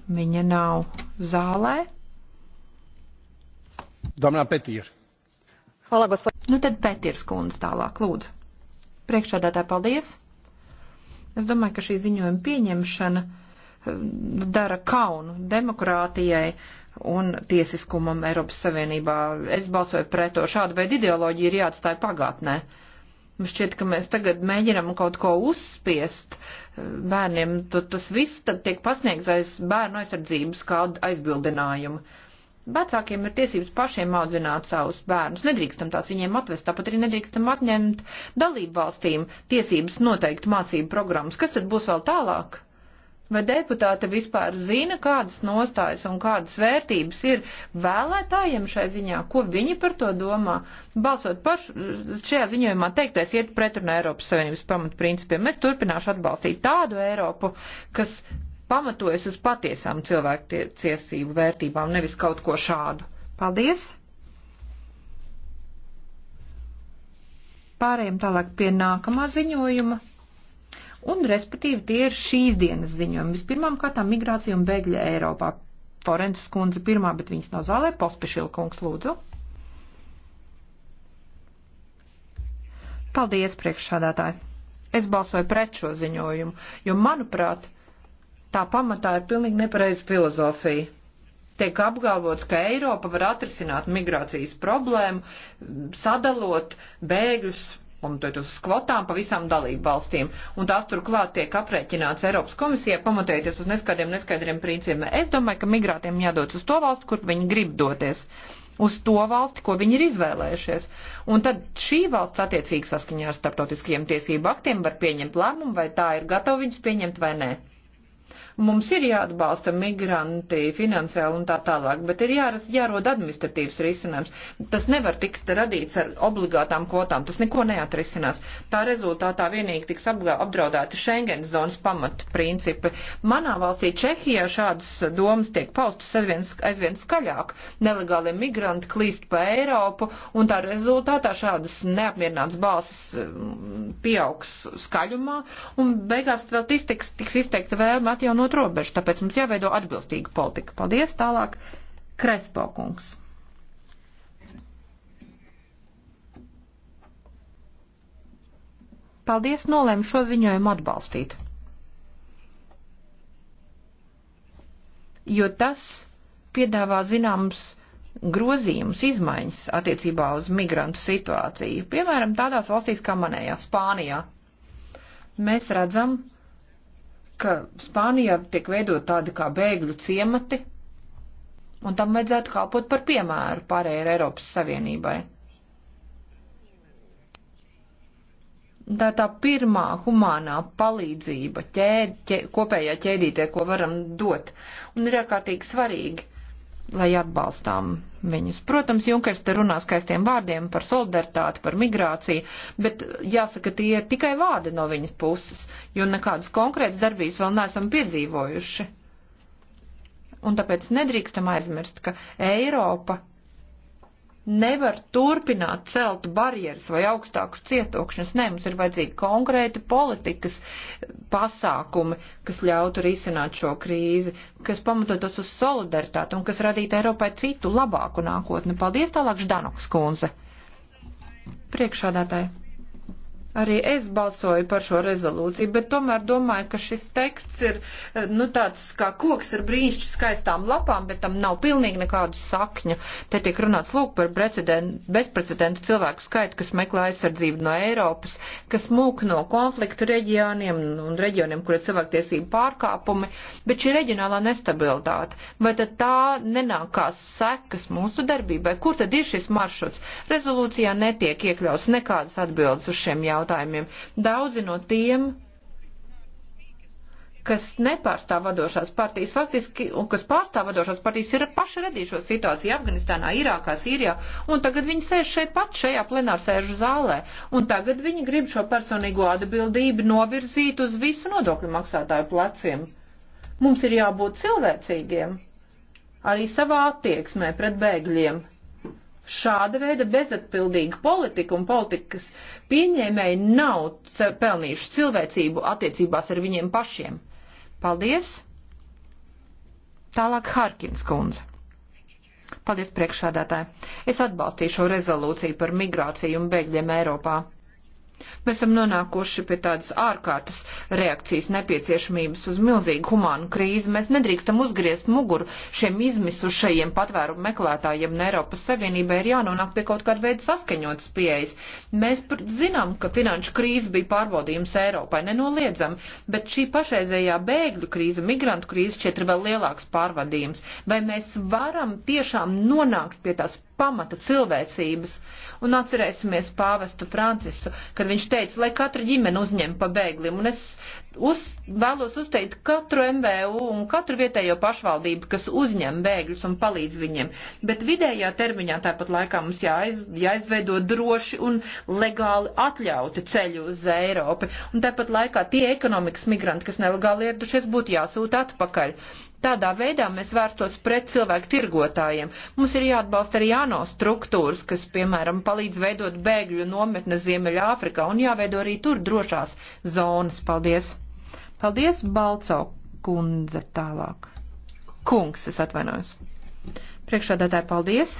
Viņa nav zālē. Domnā Petīra. Hvala, gospodin. Nu tad Petirs kundze tālāk, lūdzu. Priekšādātā paldies. Es domāju, ka šī ziņojuma pieņemšana eh, dara kaunu demokrātijai un tiesiskumam Eiropas Savienībā. Es balsoju pret to. Šāda veida ideoloģija ir jāatstāja pagātnē. Man šķiet, ka mēs tagad mēģinam kaut ko uzspiest eh, bērniem. Tas viss tad tiek pasniegts aiz bērnu aizsardzības kā aizbildinājumu. Vecākiem ir tiesības pašiem audzināt savus bērnus. Nedrīkstam tās viņiem atvest, tāpat arī nedrīkstam atņemt dalību valstīm tiesības noteikt mācību programmas. Kas tad būs vēl tālāk? Vai deputāte vispār zina, kādas nostājas un kādas vērtības ir vēlētājiem šai ziņā? Ko viņi par to domā? Balsot par šajā ziņojumā teiktais iet pretrunā Eiropas Savienības pamatprincipiem. Es turpināšu atbalstīt tādu Eiropu, kas pamatojas uz patiesām cilvēktiesību vērtībām, nevis kaut ko šādu. Paldies! Pārējiem tālāk pie nākamā ziņojuma. Un, respektīvi, tie ir šīs dienas ziņojumi. Vispirmām kārtām migrācija un bēgļa Eiropā. Forences kundze pirmā, bet viņas nav zālē. Pospešila kungs, lūdzu. Paldies, priekšsādātāji! Es balsoju pret šo ziņojumu, jo, manuprāt, tā pamatā ir pilnīgi nepareiza filozofija. Tiek apgalvots, ka Eiropa var atrisināt migrācijas problēmu, sadalot bēgļus un tos uz kvotām pa visām dalību valstīm. Un tās turklāt tiek aprēķināts Eiropas komisijā, pamatojoties uz neskaidriem, neskaidriem principiem. Es domāju, ka migrātiem jādodas uz to valstu, kur viņi grib doties uz to valsti, ko viņi ir izvēlējušies. Un tad šī valsts attiecīgi saskaņā ar starptautiskajiem tiesību aktiem var pieņemt lēmumu, vai tā ir gatava viņus pieņemt vai nē. Mums ir jāatbalsta migranti finansiāli un tā tālāk, bet ir jāras, jārod administratīvs risinājums. Tas nevar tikt radīts ar obligātām kvotām, tas neko neatrisinās. Tā rezultātā vienīgi tiks apdraudēti Schengen zonas pamata principi. Manā valstī Čehijā šādas domas tiek paustas aizvien, aizvien skaļāk. Nelegāli migranti klīst pa Eiropu un tā rezultātā šādas neapmierinātas balsis mm, pieaugs skaļumā un beigās vēl tiks, tiks izteikta vēlme atjaunot izmantot robežu, tāpēc mums jāveido atbilstīga politika. Paldies, tālāk Krespo kungs. Paldies, nolēmu šo ziņojumu atbalstīt. Jo tas piedāvā zināms grozījumus, izmaiņas attiecībā uz migrantu situāciju. Piemēram, tādās valstīs kā manējā Spānijā. Mēs redzam, ka Spānijā tiek veidot tādi kā bēgļu ciemati, un tam vajadzētu kalpot par piemēru pārējai Eiropas Savienībai. Tā ir tā pirmā humānā palīdzība ķēd, ķē, kopējā ķēdītē, ko varam dot, un ir ārkārtīgi svarīgi, lai atbalstām viņus. Protams, Junkers te runā skaistiem vārdiem par solidaritāti, par migrāciju, bet jāsaka, tie ir tikai vārdi no viņas puses, jo nekādas konkrētas darbības vēl neesam piedzīvojuši. Un tāpēc nedrīkstam aizmirst, ka Eiropa nevar turpināt celt barjeras vai augstākus cietokšņus. Nē, mums ir vajadzīgi konkrēti politikas pasākumi, kas ļautu risināt šo krīzi, kas pamatotos uz solidaritāti un kas radītu Eiropai citu labāku nākotni. Paldies tālāk, Ždanoks kundze. Priekšādātāji. Arī es balsoju par šo rezolūciju, bet tomēr domāju, ka šis teksts ir, eh, nu, tāds kā koks ar brīnišķi skaistām lapām, bet tam nav pilnīgi nekādu sakņu. Te tiek runāts lūk par bezprecedentu cilvēku skaitu, kas meklē aizsardzību no Eiropas, kas mūk no konfliktu reģioniem un reģioniem, kur ir cilvēktiesība pārkāpumi, bet šī reģionālā nestabilitāte, vai tad tā nenāk kā sekas mūsu darbībai? Kur tad ir šis maršruts? Rezolūcijā netiek iekļauts nekādas atbildes uz šiem jautājumiem jautājumiem. Daudzi no tiem kas nepārstāv vadošās partijas, faktiski, un kas pārstāv vadošās partijas, ir paši radījušo situāciju Afganistānā, Irākā, Sīrijā, un tagad viņi sēž šeit pat šajā plenārsēžu zālē, un tagad viņi grib šo personīgo atbildību novirzīt uz visu nodokļu maksātāju pleciem. Mums ir jābūt cilvēcīgiem, arī savā attieksmē pret bēgļiem. Šāda veida bezatbildīga politika un politikas pieņēmēji nav pelnījuši cilvēcību attiecībās ar viņiem pašiem. Paldies! Tālāk Harkins kundze. Paldies priekšādātāji. Es atbalstīšu rezolūciju par migrāciju un bēgļiem Eiropā. Mēs esam nonākuši pie tādas ārkārtas reakcijas nepieciešamības uz milzīgu humānu krīzi. Mēs nedrīkstam uzgriezt muguru šiem izmisušajiem patvērumu meklētājiem un Eiropas Savienībai ir jānonāk pie kaut kāda veida saskaņotas pieejas. Mēs zinām, ka finanšu krīze bija pārbaudījums Eiropai, nenoliedzam, bet šī pašreizējā bēgļu krīze, migrantu krīze šķiet ir vēl lielāks pārvadījums. Vai mēs varam tiešām nonākt pie tās pamata cilvēcības. Un atcerēsimies pāvestu Francisu, kad viņš teica, lai katra ģimene uzņem pa bēglim. Un es uz, vēlos uzteikt katru MVU un katru vietējo pašvaldību, kas uzņem bēgļus un palīdz viņiem. Bet vidējā termiņā tāpat laikā mums jāiz, jāizveido droši un legāli atļauti ceļi uz Eiropu. Un tāpat laikā tie ekonomikas migranti, kas nelegāli ieradušies, būtu jāsūta atpakaļ. Tādā veidā mēs vērstos pret cilvēku tirgotājiem. Mums ir jāatbalsta arī ANO struktūras, kas, piemēram, palīdz veidot bēgļu nometne Ziemeļā Āfrikā un jāveido arī tur drošās zonas. Paldies! Paldies, Balco kundze tālāk. Kungs, es atvainojos. Priekšādātāji, paldies!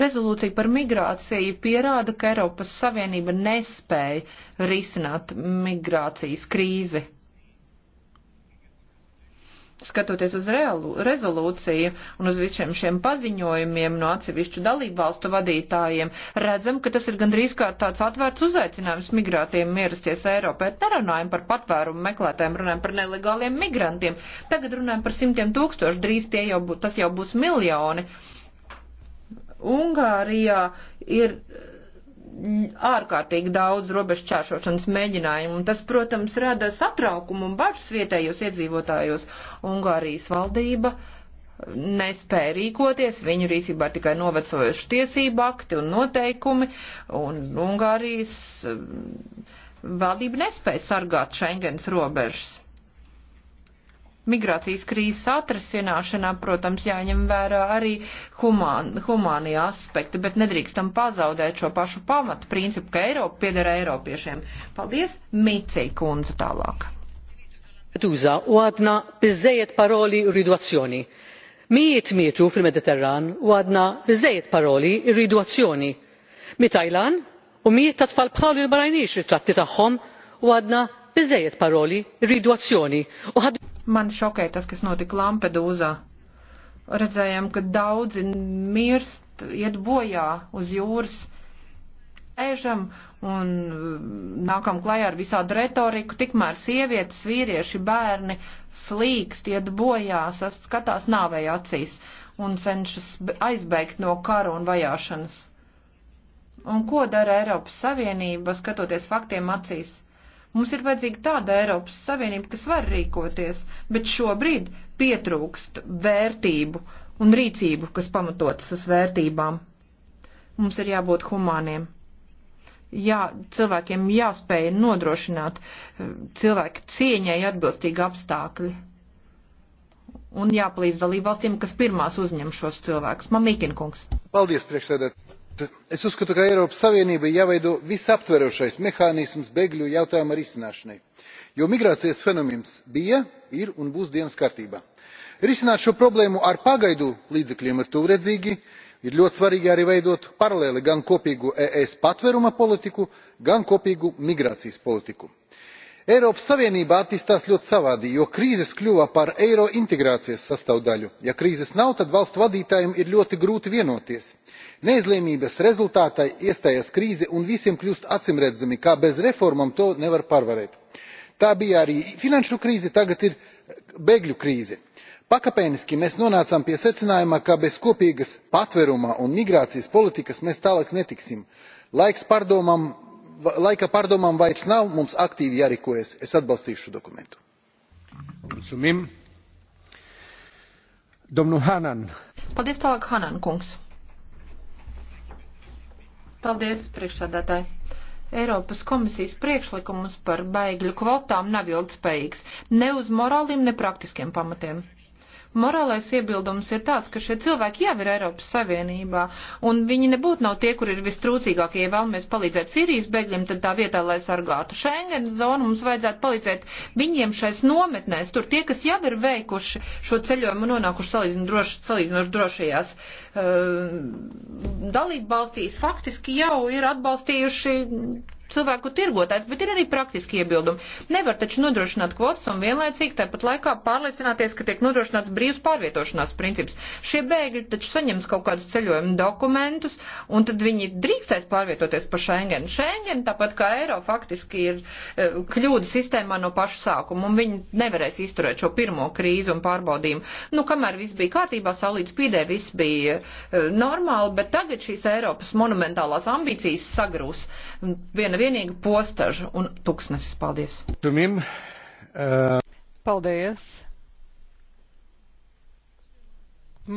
Rezolūcija par migrāciju pierāda, ka Eiropas Savienība nespēja risināt migrācijas krīzi skatoties uz reālu, rezolūciju un uz visiem šiem paziņojumiem no atsevišķu dalību valstu vadītājiem, redzam, ka tas ir gandrīz kā tāds atvērts uzaicinājums migrātiem ierasties Eiropā. Nerunājam par patvērumu meklētājiem, runājam par nelegāliem migrantiem. Tagad runājam par simtiem tūkstošu, drīz tie jau, bū, tas jau būs miljoni. Ungārijā ir ārkārtīgi daudz robežu čāršošanas mēģinājumu, un tas, protams, rada satraukumu un bažas vietējos iedzīvotājos. Ungārijas valdība nespēja rīkoties, viņu rīcībā tikai novecojuši tiesību akti un noteikumi, un Ungārijas eh, valdība nespēja sargāt Schengens robežas migrācijas krīzes atrasināšanā, protams, jāņem vērā arī humān, humānie aspekti, bet nedrīkstam pazaudēt šo pašu pamatu principu, ka Eiropa piedara Eiropiešiem. Paldies, Mīcija kundze tālāk. Tūza, u għadna bizzejiet paroli rridu azzjoni. Mijiet mietu fil-Mediterran u għadna bizzejiet paroli rridu azzjoni. Mitajlan u mijiet ta' tfal bħalu l-barajnix ritratti tagħhom u għadna bizzejiet paroli rridu azzjoni. U Man šokē tas, kas notika Lampedūzā. Redzējām, ka daudzi mirst, iet bojā uz jūras ēžam un mm, nākam klajā ar visādu retoriku, tikmēr sievietes, vīrieši, bērni slīkst, iet bojā, skatās nāvēja acīs un cenšas aizbēgt no kara un vajāšanas. Un ko dara Eiropas Savienība, skatoties faktiem acīs? Mums ir vajadzīga tāda Eiropas Savienība, kas var rīkoties, bet šobrīd pietrūkst vērtību un rīcību, kas pamatotas uz vērtībām. Mums ir jābūt humāniem. Jā, cilvēkiem jāspēj nodrošināt eh, cilvēku cieņai atbilstīgi apstākļi. Un jāpalīdz dalību valstīm, kas pirmās uzņem šos cilvēkus. Mamīkinkungs. Paldies, priekšsēdēt es uzskatu ka eiropas savienībai jāveido visaptverošais mehānisms bēgļu jautājuma risināšanai jo migrācijas fenomens bija ir un būs dienas kārtībā. risināt šo problēmu ar pagaidu līdzekļiem ir tālredzīgi ir ļoti svarīgi arī veidot paralēli gan kopīgu es patvēruma politiku gan kopīgu migrācijas politiku eiropas savienība attīstās ļoti savādi jo krīzes kļuva par eiro integrācijas sastāvdaļu. ja krīzes nav tad valstu vadītājiem ir ļoti grūti vienoties. neizlēmības rezultātā iestājas krīze un visiem kļūst acīmredzami ka bez reformām to nevar pārvarēt. tā bija arī finanšu krīze tagad ir bēgļu krīze. pakāpeniski mēs nonācām pie secinājuma ka bez kopīgas patvēruma un migrācijas politikas mēs tālāk netiksim. laiks pārdomām laika pārdomām vairs nav mums aktīvi jārīkojas. es atbalstīšu šo dokumentu. Paldies, tālāk Hanan kungs. Paldies, priekšsādātāji. Eiropas komisijas priekšlikumus par baigļu kvotām nav ilgspējīgs ne uz morāliem, ne praktiskiem pamatiem. Morālais iebildums ir tāds, ka šie cilvēki jau ir Eiropas Savienībā, un viņi nebūtu nav tie, kur ir vistrūcīgākie. Ja vēlamies palīdzēt Sīrijas bēgļiem, tad tā vietā, lai sargātu Schengen zonu, mums vajadzētu palīdzēt viņiem šais nometnēs. Tur tie, kas jau ir veikuši šo ceļojumu, nonākuši salīdzinoši droši, salīdzinot drošajās uh, dalību valstīs, faktiski jau ir atbalstījuši cilvēku tirgotājs, bet ir arī praktiski iebildumi. Nevar taču nodrošināt kvotas un vienlaicīgi tāpat laikā pārliecināties, ka tiek nodrošināts brīvs pārvietošanās princips. Šie bēgļi taču saņems kaut kādus ceļojumu dokumentus, un tad viņi drīkstēs pārvietoties pa Schengen. Schengen, tāpat kā eiro, faktiski ir e, kļūda sistēmā no paša sākuma, un viņi nevarēs izturēt šo pirmo krīzi un pārbaudījumu. Nu, kamēr viss bija kārtībā, saulīts pīdē, viss bija e, normāli, bet tagad šīs Eiropas monumentālās ambīcijas sagrūs. Viena vienīgi postažu un tuksnesis. Paldies! Tumim, uh... Paldies!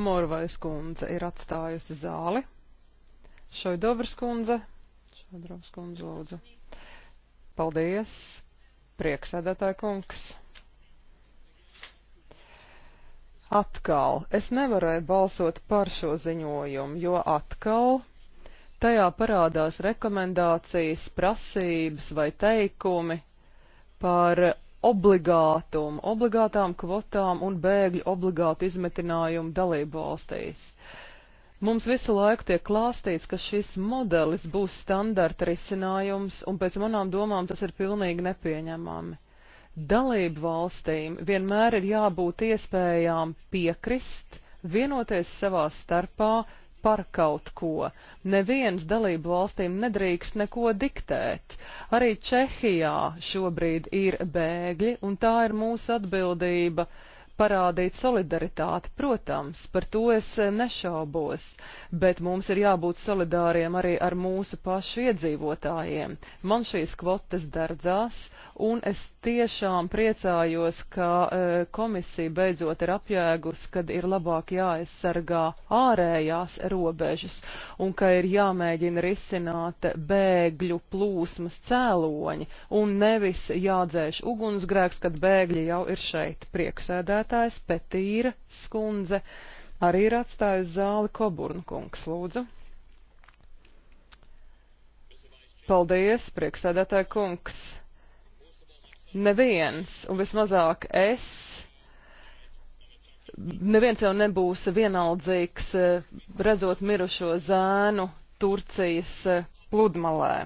Morvais kundze ir atstājusi zāli. Šoidovras kundze. Šoidovras kundze lūdzu. Paldies, prieksēdētāja kungs. Atkal es nevarēju balsot par šo ziņojumu, jo atkal Tajā parādās rekomendācijas, prasības vai teikumi par obligātumu, obligātām kvotām un bēgļu obligātu izmetinājumu dalību valstīs. Mums visu laiku tiek klāstīts, ka šis modelis būs standarta risinājums, un pēc manām domām tas ir pilnīgi nepieņemami. Dalību valstīm vienmēr ir jābūt iespējām piekrist, vienoties savā starpā, par kaut ko. Neviens dalību valstīm nedrīkst neko diktēt. Arī Čehijā šobrīd ir bēgļi, un tā ir mūsu atbildība parādīt solidaritāti, protams, par to es nešaubos, bet mums ir jābūt solidāriem arī ar mūsu pašu iedzīvotājiem. Man šīs kvotas derdzās, un es tiešām priecājos, ka e, komisija beidzot ir apjēgus, kad ir labāk jāaizsargā ārējās robežas un ka ir jāmēģina risināt bēgļu plūsmas cēloņi un nevis jādzēš ugunsgrēks, kad bēgļi jau ir šeit. Prieksēdētājs Petīra skundze arī ir atstājis zāli Koburnkungs, lūdzu. Paldies, priekšsēdētāja kungs neviens, un vismazāk es, neviens jau nebūs vienaldzīgs eh, redzot mirušo zēnu Turcijas eh, pludmalē.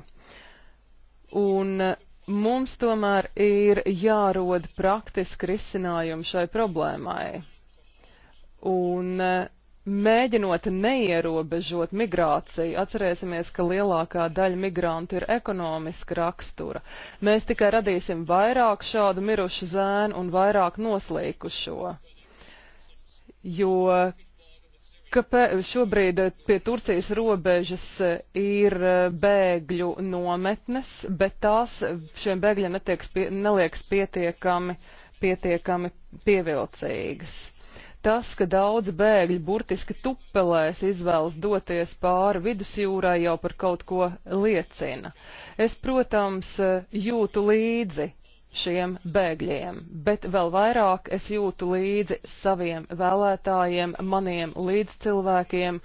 Un eh, mums tomēr ir jārod praktiski risinājumi šai problēmai. Un mēģinot neierobežot migrāciju. Atcerēsimies, ka lielākā daļa migrantu ir ekonomiska rakstura. Mēs tikai radīsim vairāk šādu mirušu zēnu un vairāk noslīkušo. Jo pē, šobrīd pie Turcijas robežas ir bēgļu nometnes, bet tās šiem bēgļiem netiek, neliekas pietiekami, pietiekami pievilcīgas Tas, ka daudzi bēgļi burtiski tupelēs izvēlas doties pāri vidusjūrai, jau par kaut ko liecina. Es, protams, jūtu līdzi šiem bēgļiem, bet vēl vairāk es jūtu līdzi saviem vēlētājiem, maniem līdzcilvēkiem,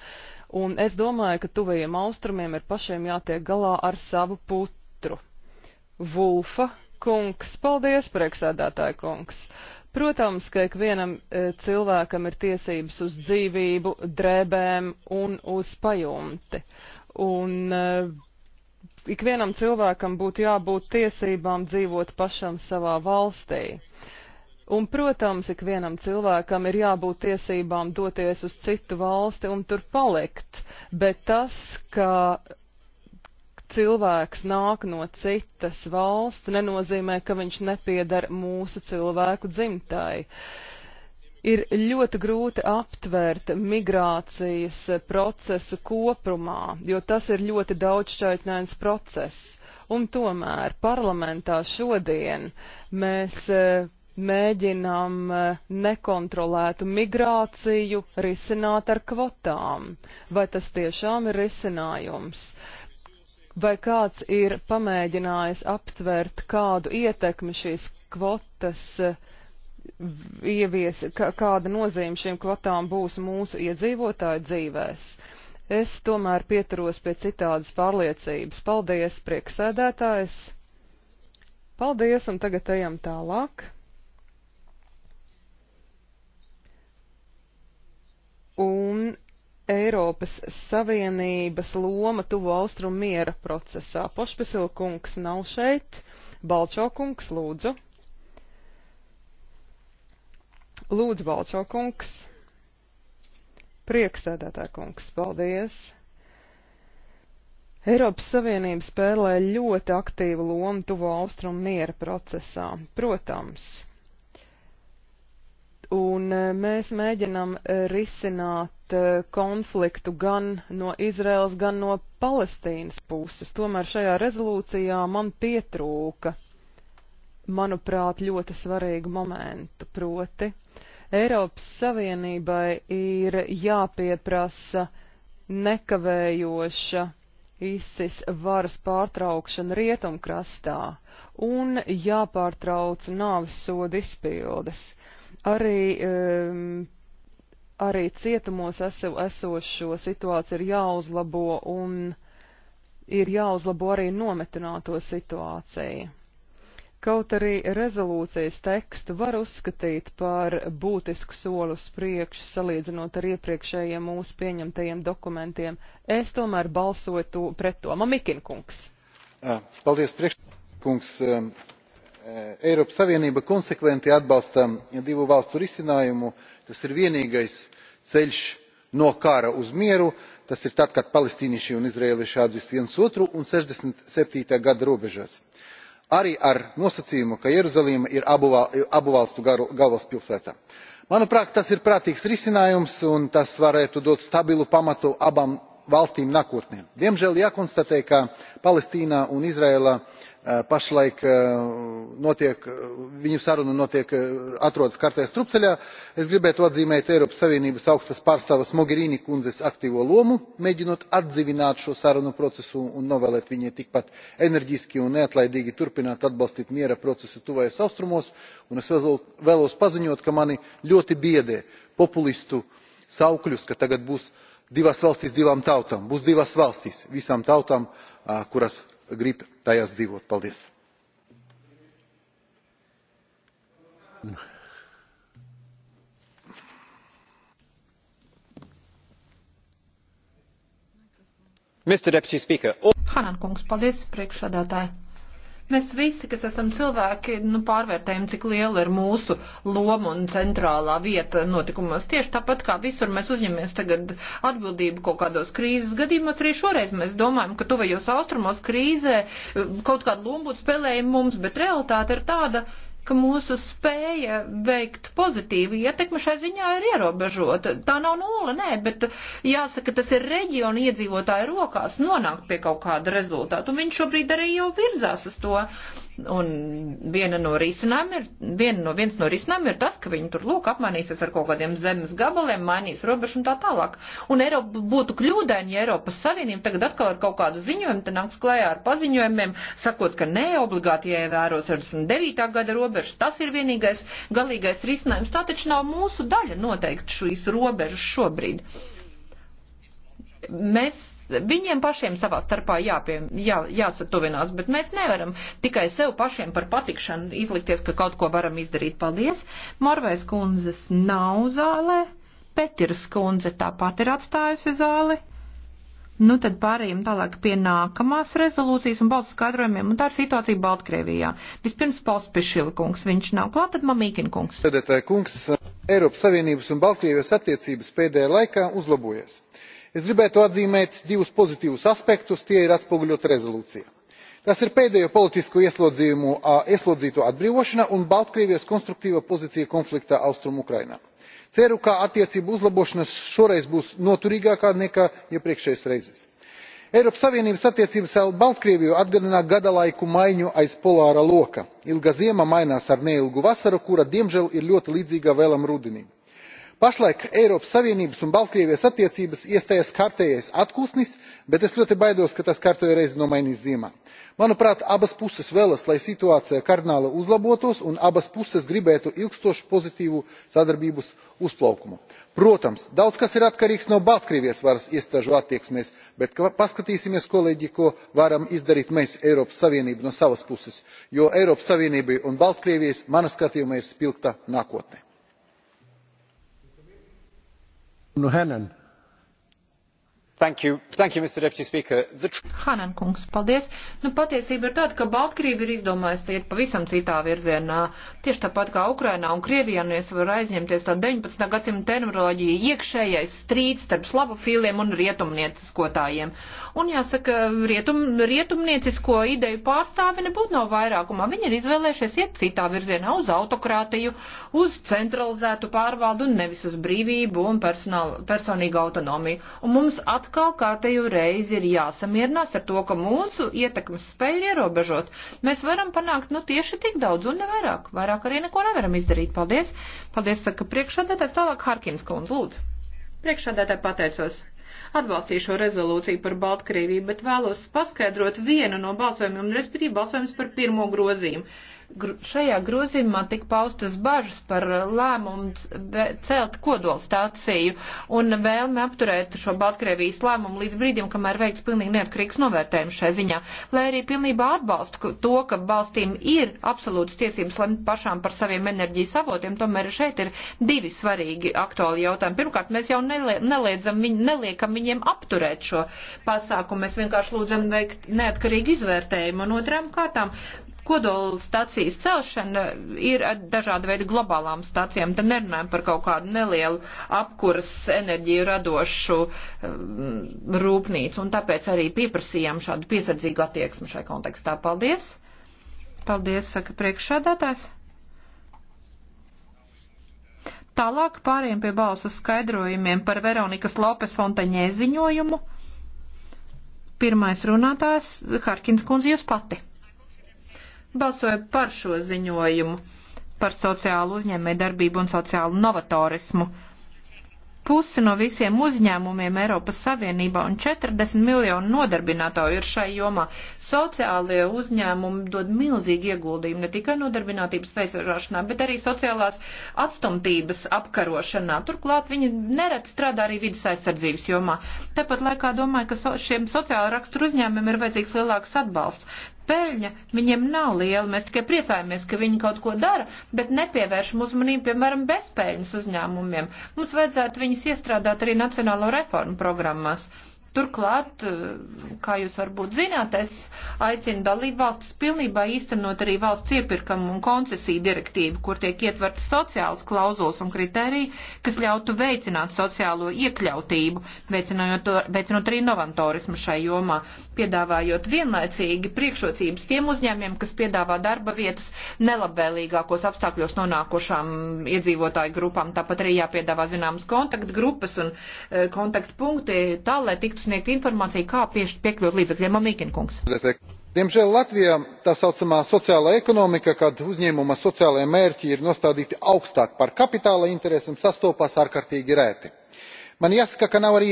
un es domāju, ka tuvajiem austrumiem ir pašiem jātiek galā ar savu putru. Vulfa kungs, paldies, prieksēdētāja kungs. Protams, ka ikvienam e, cilvēkam ir tiesības uz dzīvību, drēbēm un uz pajumti. Un e, ikvienam cilvēkam būtu jābūt tiesībām dzīvot pašam savā valstī. Un, protams, ikvienam cilvēkam ir jābūt tiesībām doties uz citu valsti un tur palikt, bet tas, ka cilvēks nāk no citas valsts, nenozīmē, ka viņš nepiedar mūsu cilvēku dzimtai. Ir ļoti grūti aptvert migrācijas procesu kopumā, jo tas ir ļoti daudzšķaitnēns process. Un tomēr parlamentā šodien mēs e, mēģinām e, nekontrolētu migrāciju risināt ar kvotām. Vai tas tiešām ir risinājums? Vai kāds ir pamēģinājis aptvert, kādu ietekmi šīs kvotas eh, ievies, kāda nozīme šīm kvotām būs mūsu iedzīvotāju dzīvēs? Es tomēr pieturos pie citādas pārliecības. Paldies, prieksēdētājs! Paldies, un tagad ejam tālāk. Un Eiropas Savienības loma tuvo austrumu miera procesā. Pošpisilkungs nav šeit. Balčokungs, lūdzu. Lūdzu, Balčokungs. Prieksēdētā kungs, paldies. Eiropas Savienība spēlē ļoti aktīvu lomu tuvo austrumu miera procesā. Protams. Un e, mēs mēģinam e, risināt Eh, konfliktu gan no Izraels, gan no Palestīnas puses. Tomēr šajā rezolūcijā man pietrūka, manuprāt, ļoti svarīgu momentu, proti Eiropas Savienībai ir jāpieprasa nekavējoša ISIS varas pārtraukšana rietumkrastā un jāpārtrauc nāves sodu izpildes. Arī um, arī cietumos esev esošo situāciju ir jāuzlabo un ir jāuzlabo arī nometināto situāciju. Kaut arī rezolūcijas tekstu var uzskatīt par būtisku soli uz priekšu, salīdzinot ar iepriekšējiem mūsu pieņemtajiem dokumentiem, es tomēr balsotu pret to. Mamikina kungs. Paldies, priekškungs eiropas savienība konsekventi atbalsta divu valstu risinājumu tas ir vienīgais ceļš no kara uz mieru tas ir tad kad palestīnieši un izraēlieši atzīst viens otru un sešdesmit septītā gada robežās arī ar nosacījumu ka jeruzaleme ir abu valstu galvaspilsēta. manuprāt tas ir prātīgs risinājums un tas varētu dot stabilu pamatu abām valstīm nākotnē. diemžēl jākonstatē ka palestīna un izraēla Eh, pašlaik eh, notiek eh, viņu saruna notiek atrodas kartēs strupceļā es gribētu atzīmēt eiropas savienības augstās pārstāves mogherini kundzes aktīvo lomu mēģinot atdzīvināt šo sarunu procesu un novēlēt viņai tikpat enerģiski un neatlaidīgi turpināt atbalstīt miera procesu tuvajos austrumos un es vēlos paziņot ka mani ļoti biedē populistu saukļus ka tagad būs divas valstis divām tautām būs divas valstis visām tautām kuras grib tajās dzīvot. Paldies! Hanan kungs, paldies priekšsādātāji. Mēs visi, kas esam cilvēki, nu, pārvērtējam, cik liela ir mūsu loma un centrālā vieta notikumos. Tieši tāpat kā visur mēs uzņemamies tagad atbildību kaut kādos krīzes gadījumos, arī šoreiz mēs domājam, ka tuvajos austrumos krīzē eh, kaut kādu lomu būtu spēlējumi mums, bet realitāte ir tāda, ka mūsu spēja veikt pozitīvu ietekmi šai ziņā ir ierobežota. Tā nav nula, nē, bet jāsaka, tas ir reģiona iedzīvotāju rokās nonākt pie kaut kāda rezultātu. Un viņš šobrīd arī jau virzās uz to. Un viena no risinājumiem ir, viena no, viens no risinājumiem ir tas, ka viņi tur lūk apmainīsies ar kaut kādiem zemes gabaliem, mainīs robežu un tā tālāk. Un Eiropa būtu kļūdaini, ja Eiropas Savienība tagad atkal ar kaut kādu ziņojumu te nāks klējā ar paziņojumiem, sakot, ka ne obligāti jāievēro 69. gada robežas. Tas ir vienīgais galīgais risinājums. Tā taču nav mūsu daļa noteikt šīs robežas šobrīd. Mēs Viņiem pašiem savā starpā jāpie, jā, jāsatuvinās, bet mēs nevaram tikai sev pašiem par patikšanu izlikties, ka kaut ko varam izdarīt. Paldies! Morvais kundzes nav zālē, Petirs kundze tāpat ir atstājusi zāli. Nu tad pārējiem tālāk pie nākamās rezolūcijas un balsts skaidrojumiem, un tā ir situācija Baltkrievijā. Vispirms Pauls Pišila kungs, viņš nav klāt, tad Mamīkin kungs. Sēdētāji kungs, Eiropas Savienības un Baltkrievijas attiecības pēdējā laikā uzlabojas es gribētu atzīmēt divus pozitīvus aspektus tie ir atspoguļoti rezolūcijā tas ir pēdējo politisko ieslodzīto atbrīvošana un baltkrievijas konstruktīva pozīcija konfliktā austrumu ukrainā. ceru ka attiecību uzlabošanās šoreiz būs noturīgāka nekā iepriekšējās reizes. eiropas savienības attiecības ar baltkrieviju atgādina gadalaiku maiņu aiz polāra loka ilga ziema mainās ar neilgu vasaru kura diemžēl ir ļoti līdzīga vēlam rudenim pašlaik eiropas savienības un baltkrievijas attiecības iestājas kārtējais atkūsnis bet es ļoti baidos ka tas kārtējo reizi nomainīs ziema. manuprāt abas puses vēlas lai situācija kardināli uzlabotos un abas puses gribētu ilgstošu pozitīvu sadarbības uzplaukumu. protams daudz kas ir atkarīgs no baltkrievijas varas iestāžu attieksmes bet paskatīsimies kolēģi ko varam izdarīt mēs eiropas savienība no savas puses jo eiropas savienībai un baltkrievijai manā skatījumā ir spilgta nākotne. Hänen. You, The... Hanan kungs, paldies. Nu, patiesība ir tāda, ka Baltkrievi ir izdomājusi iet pavisam citā virzienā. Tieši tāpat kā Ukrainā un Krievijā, nu es varu aizņemties tā 19. gadsimta terminoloģija iekšējais strīds starp slavofīliem un rietumnieciskotājiem. Un jāsaka, rietum, rietumniecisko ideju pārstāvi nebūtu nav vairākumā. Viņi ir izvēlējušies iet citā virzienā uz autokrātiju, uz centralizētu pārvaldu un nevis uz brīvību un personāla, personīgu autonomiju. Un mums at atkal kārtējo reizi ir jāsamierinās ar to, ka mūsu ietekmes spēja ir ierobežot. Mēs varam panākt, nu, tieši tik daudz un nevairāk. Vairāk arī neko nevaram izdarīt. Paldies. Paldies, saka priekšādātājs tālāk Harkins kundz, lūdzu. Priekšādātāji pateicos atbalstīšu rezolūciju par Baltkrieviju, bet vēlos paskaidrot vienu no balsojumiem, respektīvi balsojums par pirmo grozījumu. Gru, šajā grozījumā tika paustas bažas par lēmumu celt kodolstāciju un vēlme apturēt šo Baltkrievijas lēmumu līdz brīdim, kamēr veiks pilnīgi neatkarīgs novērtējums šai ziņā. Lai arī pilnībā atbalstu to, ka valstīm ir absolūtas tiesības lemt pašām par saviem enerģijas avotiem, tomēr šeit ir divi svarīgi aktuāli jautājumi. Pirmkārt, mēs jau neliedzam, viņ, neliekam viņiem apturēt šo pasākumu, mēs vienkārši lūdzam veikt neatkarīgu izvērtējumu. Un otrām kārtām kodola stacijas celšana ir ar dažādu veidu globālām stācijām. Tad nerunājam par kaut kādu nelielu apkuras enerģiju radošu um, rūpnīcu, un tāpēc arī pieprasījām šādu piesardzīgu attieksmi šai kontekstā. Paldies! Paldies, saka priekšsādātājs. Tālāk pāriem pie balsu skaidrojumiem par Veronikas Lopes Fontaņē ziņojumu. Pirmais runātājs Harkins kundze, jūs pati balsoja par šo ziņojumu par sociālu uzņēmēju darbību un sociālu novatorismu. Pusi no visiem uzņēmumiem Eiropas Savienībā un 40 miljonu nodarbinātāju ir šai jomā. Sociālie uzņēmumi dod milzīgi ieguldījumu ne tikai nodarbinātības veicināšanā, bet arī sociālās atstumtības apkarošanā. Turklāt viņi nerad strādā arī vidas aizsardzības jomā. Tāpat laikā domāju, ka so šiem sociāla rakstura uzņēmumiem ir vajadzīgs lielāks atbalsts peļņa viņiem nav liela. Mēs tikai priecājamies, ka viņi kaut ko dara, bet nepievēršam uzmanību, piemēram, bezpēļņas uzņēmumiem. Mums vajadzētu viņus iestrādāt arī Nacionālo reformu programmās. Turklāt, eh, kā jūs varbūt zināt, es aicinu dalību valstis pilnībā īstenot arī valsts iepirkam un koncesiju direktīvu, kur tiek ietverta sociāls klauzuls un kriteriji, kas ļautu veicināt sociālo iekļautību, veicinot, veicinot arī novantorismu šai jomā piedāvājot vienlaicīgi priekšrocības tiem uzņēmiem, kas piedāvā darba vietas nelabvēlīgākos apstākļos nonākošām iedzīvotāju grupām. Tāpat arī jāpiedāvā zināmas kontaktgrupas un e, kontaktpunkti tā, lai tiktu sniegt informāciju, kā piekļūt līdzekļiem. Mamīkinkungs. Diemžēl Latvijā tā saucamā sociālā ekonomika, kad uzņēmuma sociālajie mērķi ir nostādīti augstāk par kapitāla interesēm, sastopas ārkārtīgi rēti man jāsaka ka nav arī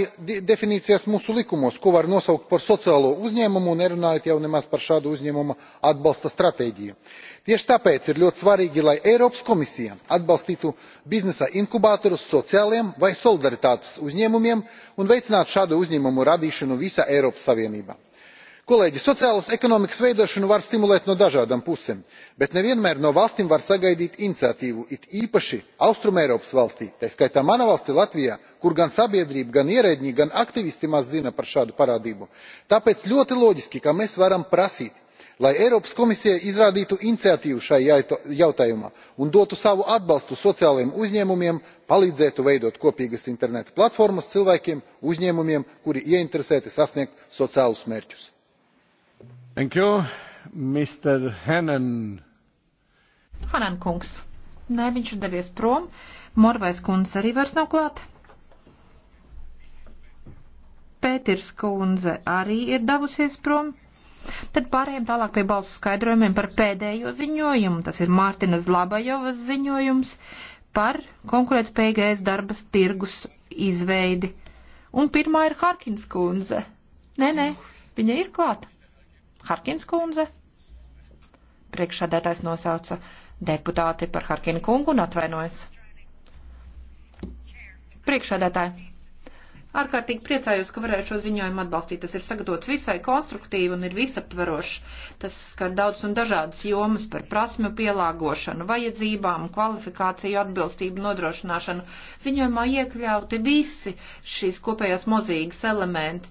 definīcijas mūsu likumos ko var nosaukt par sociālo uzņēmumu nerunājot jau nemaz par šādu uzņēmumu atbalsta stratēģiju. tieši tāpēc ir ļoti svarīgi lai eiropas komisija atbalstītu biznesa inkubatorus sociāliem vai solidaritātes uzņēmumiem un veicinātu šādu uzņēmumu radīšanu visā eiropas savienībā kolēģi sociālas ekonomikas veidošanu var stimulēt no dažādām pusēm bet nevienmēr no valstīm var sagaidīt iniciatīvu it īpaši austrumeiropas valstī tai skaitā manā valstī latvijā kur gan sabiedrība gan ierēdņi gan aktīvisti maz zina par šādu parādību. tāpēc ļoti loģiski ka mēs varam prasīt lai eiropas komisija izrādītu iniciatīvu šajā jautājumā un dotu savu atbalstu sociālajiem uzņēmumiem palīdzētu veidot kopīgas interneta platformas cilvēkiem uzņēmumiem kuri ieinteresēti sasniegt sociālus mērķus. Thank you, Mr. Hennen. Hanan kungs. Nē, viņš ir devies prom. Morvais kundze arī vairs nav klāt. Pēters kundze arī ir devusies prom. Tad pārējiem tālāk pie balsu skaidrojumiem par pēdējo ziņojumu. Tas ir Mārtinas Labajovas ziņojums par konkurētspējīgais darbas tirgus izveidi. Un pirmā ir Harkins kundze. Nē, nē, viņa ir klāta. Harkins kundze. Priekšsēdētājs nosauca deputāti par Harkina kungu un atvainojas. Priekšsēdētāji. Ārkārtīgi priecājos, ka varēju šo ziņojumu atbalstīt. Tas ir sagatavots visai konstruktīvi un ir visaptverošs. Tas skar daudz un dažādas jomas par prasmu pielāgošanu, vajadzībām, kvalifikāciju atbilstību nodrošināšanu. Ziņojumā iekļauti visi šīs kopējās mozīgas elementi,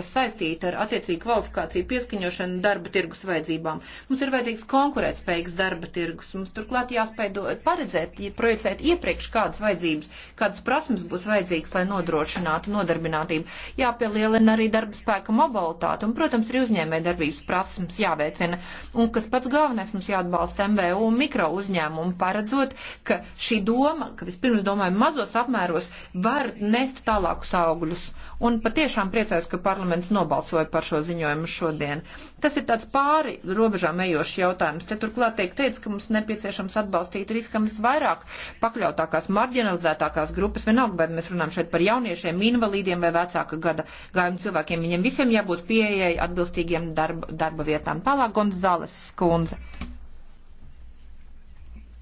kas saistīti ar attiecīgu kvalifikāciju pieskaņošanu darba tirgus vajadzībām. Mums ir vajadzīgs konkurētspējīgs darba tirgus. Mums turklāt jāspēj paredzēt, projicēt iepriekš kādas vajadzības, kādas prasmes būs vajadzīgas, lai nodrošinātu nodarbinātību. Jāpielielina arī darba spēka mobilitāte un, protams, arī uzņēmē darbības prasmes jāveicina. Un, kas pats galvenais, mums jāatbalsta MVU un mikro uzņēmumu, paredzot, ka šī doma, ka vispirms domājam mazos apmēros, var nest tālākus augļus. Un patiešām priecājos, ka parlaments nobalsoja par šo ziņojumu šodien. Tas ir tāds pāri robežām ejošs jautājums. Te turklāt tiek teica, ka mums nepieciešams atbalstīt riskam visvairāk pakļautākās, marginalizētākās grupas, vienalga, vai mēs runājam šeit par jauniešiem, invalīdiem, invalīdiem vai vecāka gada gājuma cilvēkiem. Viņiem visiem jābūt pieejai atbilstīgiem darba, darba vietām. Tālāk Gonzales skundze.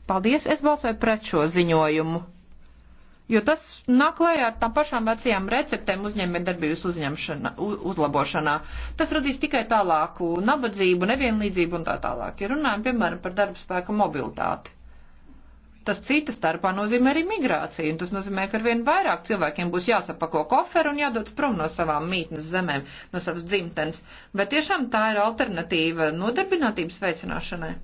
Paldies, es balsoju pret šo ziņojumu. Jo tas nāk klajā ar tām pašām vecajām receptēm uzņēmē darbības uzņemšana, uzlabošanā. Tas radīs tikai tālāku nabadzību, nevienlīdzību un tā tālāk. Ja runājam, piemēram, par darbspēka mobilitāti. Tas cita starpā nozīmē arī migrāciju, un tas nozīmē, ka arvien vairāk cilvēkiem būs jāsapako koferu un jādod prom no savām mītnes zemēm, no savas dzimtenes. Bet tiešām tā ir alternatīva nodarbinātības veicināšanai.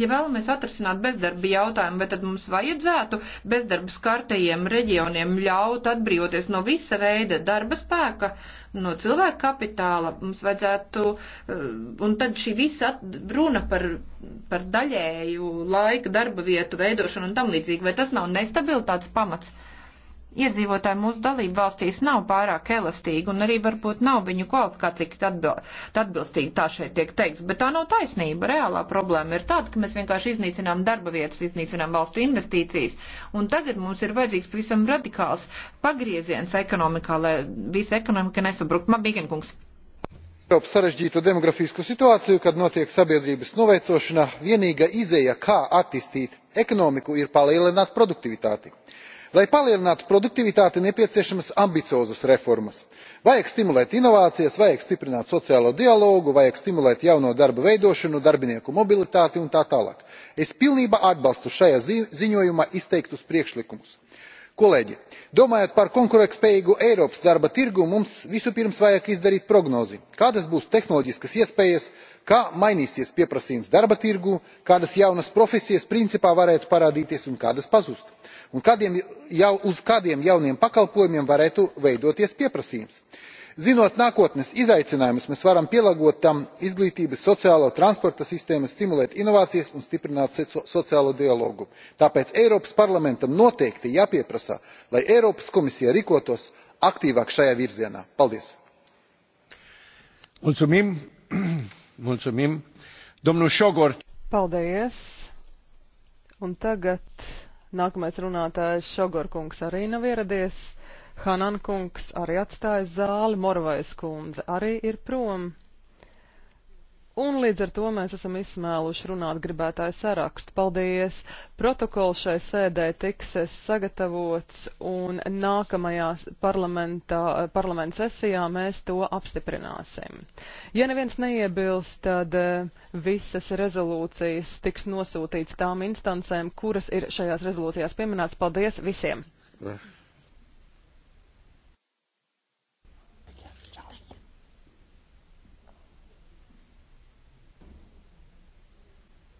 Ja vēlamies atrasināt bezdarbi jautājumu, vai tad mums vajadzētu bezdarba skartajiem reģioniem ļaut atbrīvoties no visa veida darba spēka, no cilvēka kapitāla, mums vajadzētu, eh, un tad šī visa runa par, par daļēju laika darba vietu veidošanu un tam līdzīgi, vai tas nav nestabilitātes pamats? iedzīvotāji mūsu dalību valstīs nav pārāk elastīgi un arī varbūt nav viņu kvalifikācija, ka atbil, atbilstīgi tā šeit tiek teiks. Bet tā nav taisnība. Reālā problēma ir tāda, ka mēs vienkārši iznīcinām darba vietas, iznīcinām valstu investīcijas. Un tagad mums ir vajadzīgs pavisam radikāls pagrieziens ekonomikā, lai visa ekonomika nesabruktu. Man bija kungs. Eiropas sarežģīto demografisku situāciju, kad notiek sabiedrības novecošana, vienīgā izēja, kā attīstīt ekonomiku, ir palielināt produktivitāti lai palielinātu produktivitāti nepieciešamas ambiciozas reformas vajag stimulēt inovācijas vajag stiprināt sociālo dialogu vajag stimulēt jauno darbu veidošanu darbinieku mobilitāti un tā tālāk. es pilnībā atbalstu šajā ziņojumā izteiktus priekšlikumus kolēģi domājot par konkurētspējīgu eiropas darba tirgu mums vispirms vajag izdarīt prognozi kādas būs tehnoloģiskas iespējas kā mainīsies pieprasījums darba tirgū kādas jaunas profesijas principā varētu parādīties un kādas pazust un uz kādiem jauniem pakalpojumiem varētu veidoties pieprasījums zinot nākotnes izaicinājumus mēs varam pielāgot tam izglītības sociālo transporta sistēmas stimulēt inovācijas un stiprināt sociālo dialogu. tāpēc eiropas parlamentam noteikti ir jāpieprasa lai eiropas komisija rīkotos aktīvāk šajā virzienā. paldies! <clears throat> paldies. un tagad nākamais runātājs šogor kungs arī nav ieradies. Hanan kungs arī atstāja zāli, Morvais kundze arī ir prom. Un līdz ar to mēs esam izsmēluši runāt gribētāju sarakstu. Paldies! Protokols šai sēdē tiks sagatavots un nākamajā parlamenta sesijā mēs to apstiprināsim. Ja neviens neiebilst, tad eh, visas rezolūcijas tiks nosūtīts tām instancēm, kuras ir šajās rezolūcijās pieminēts. Paldies visiem! Ja.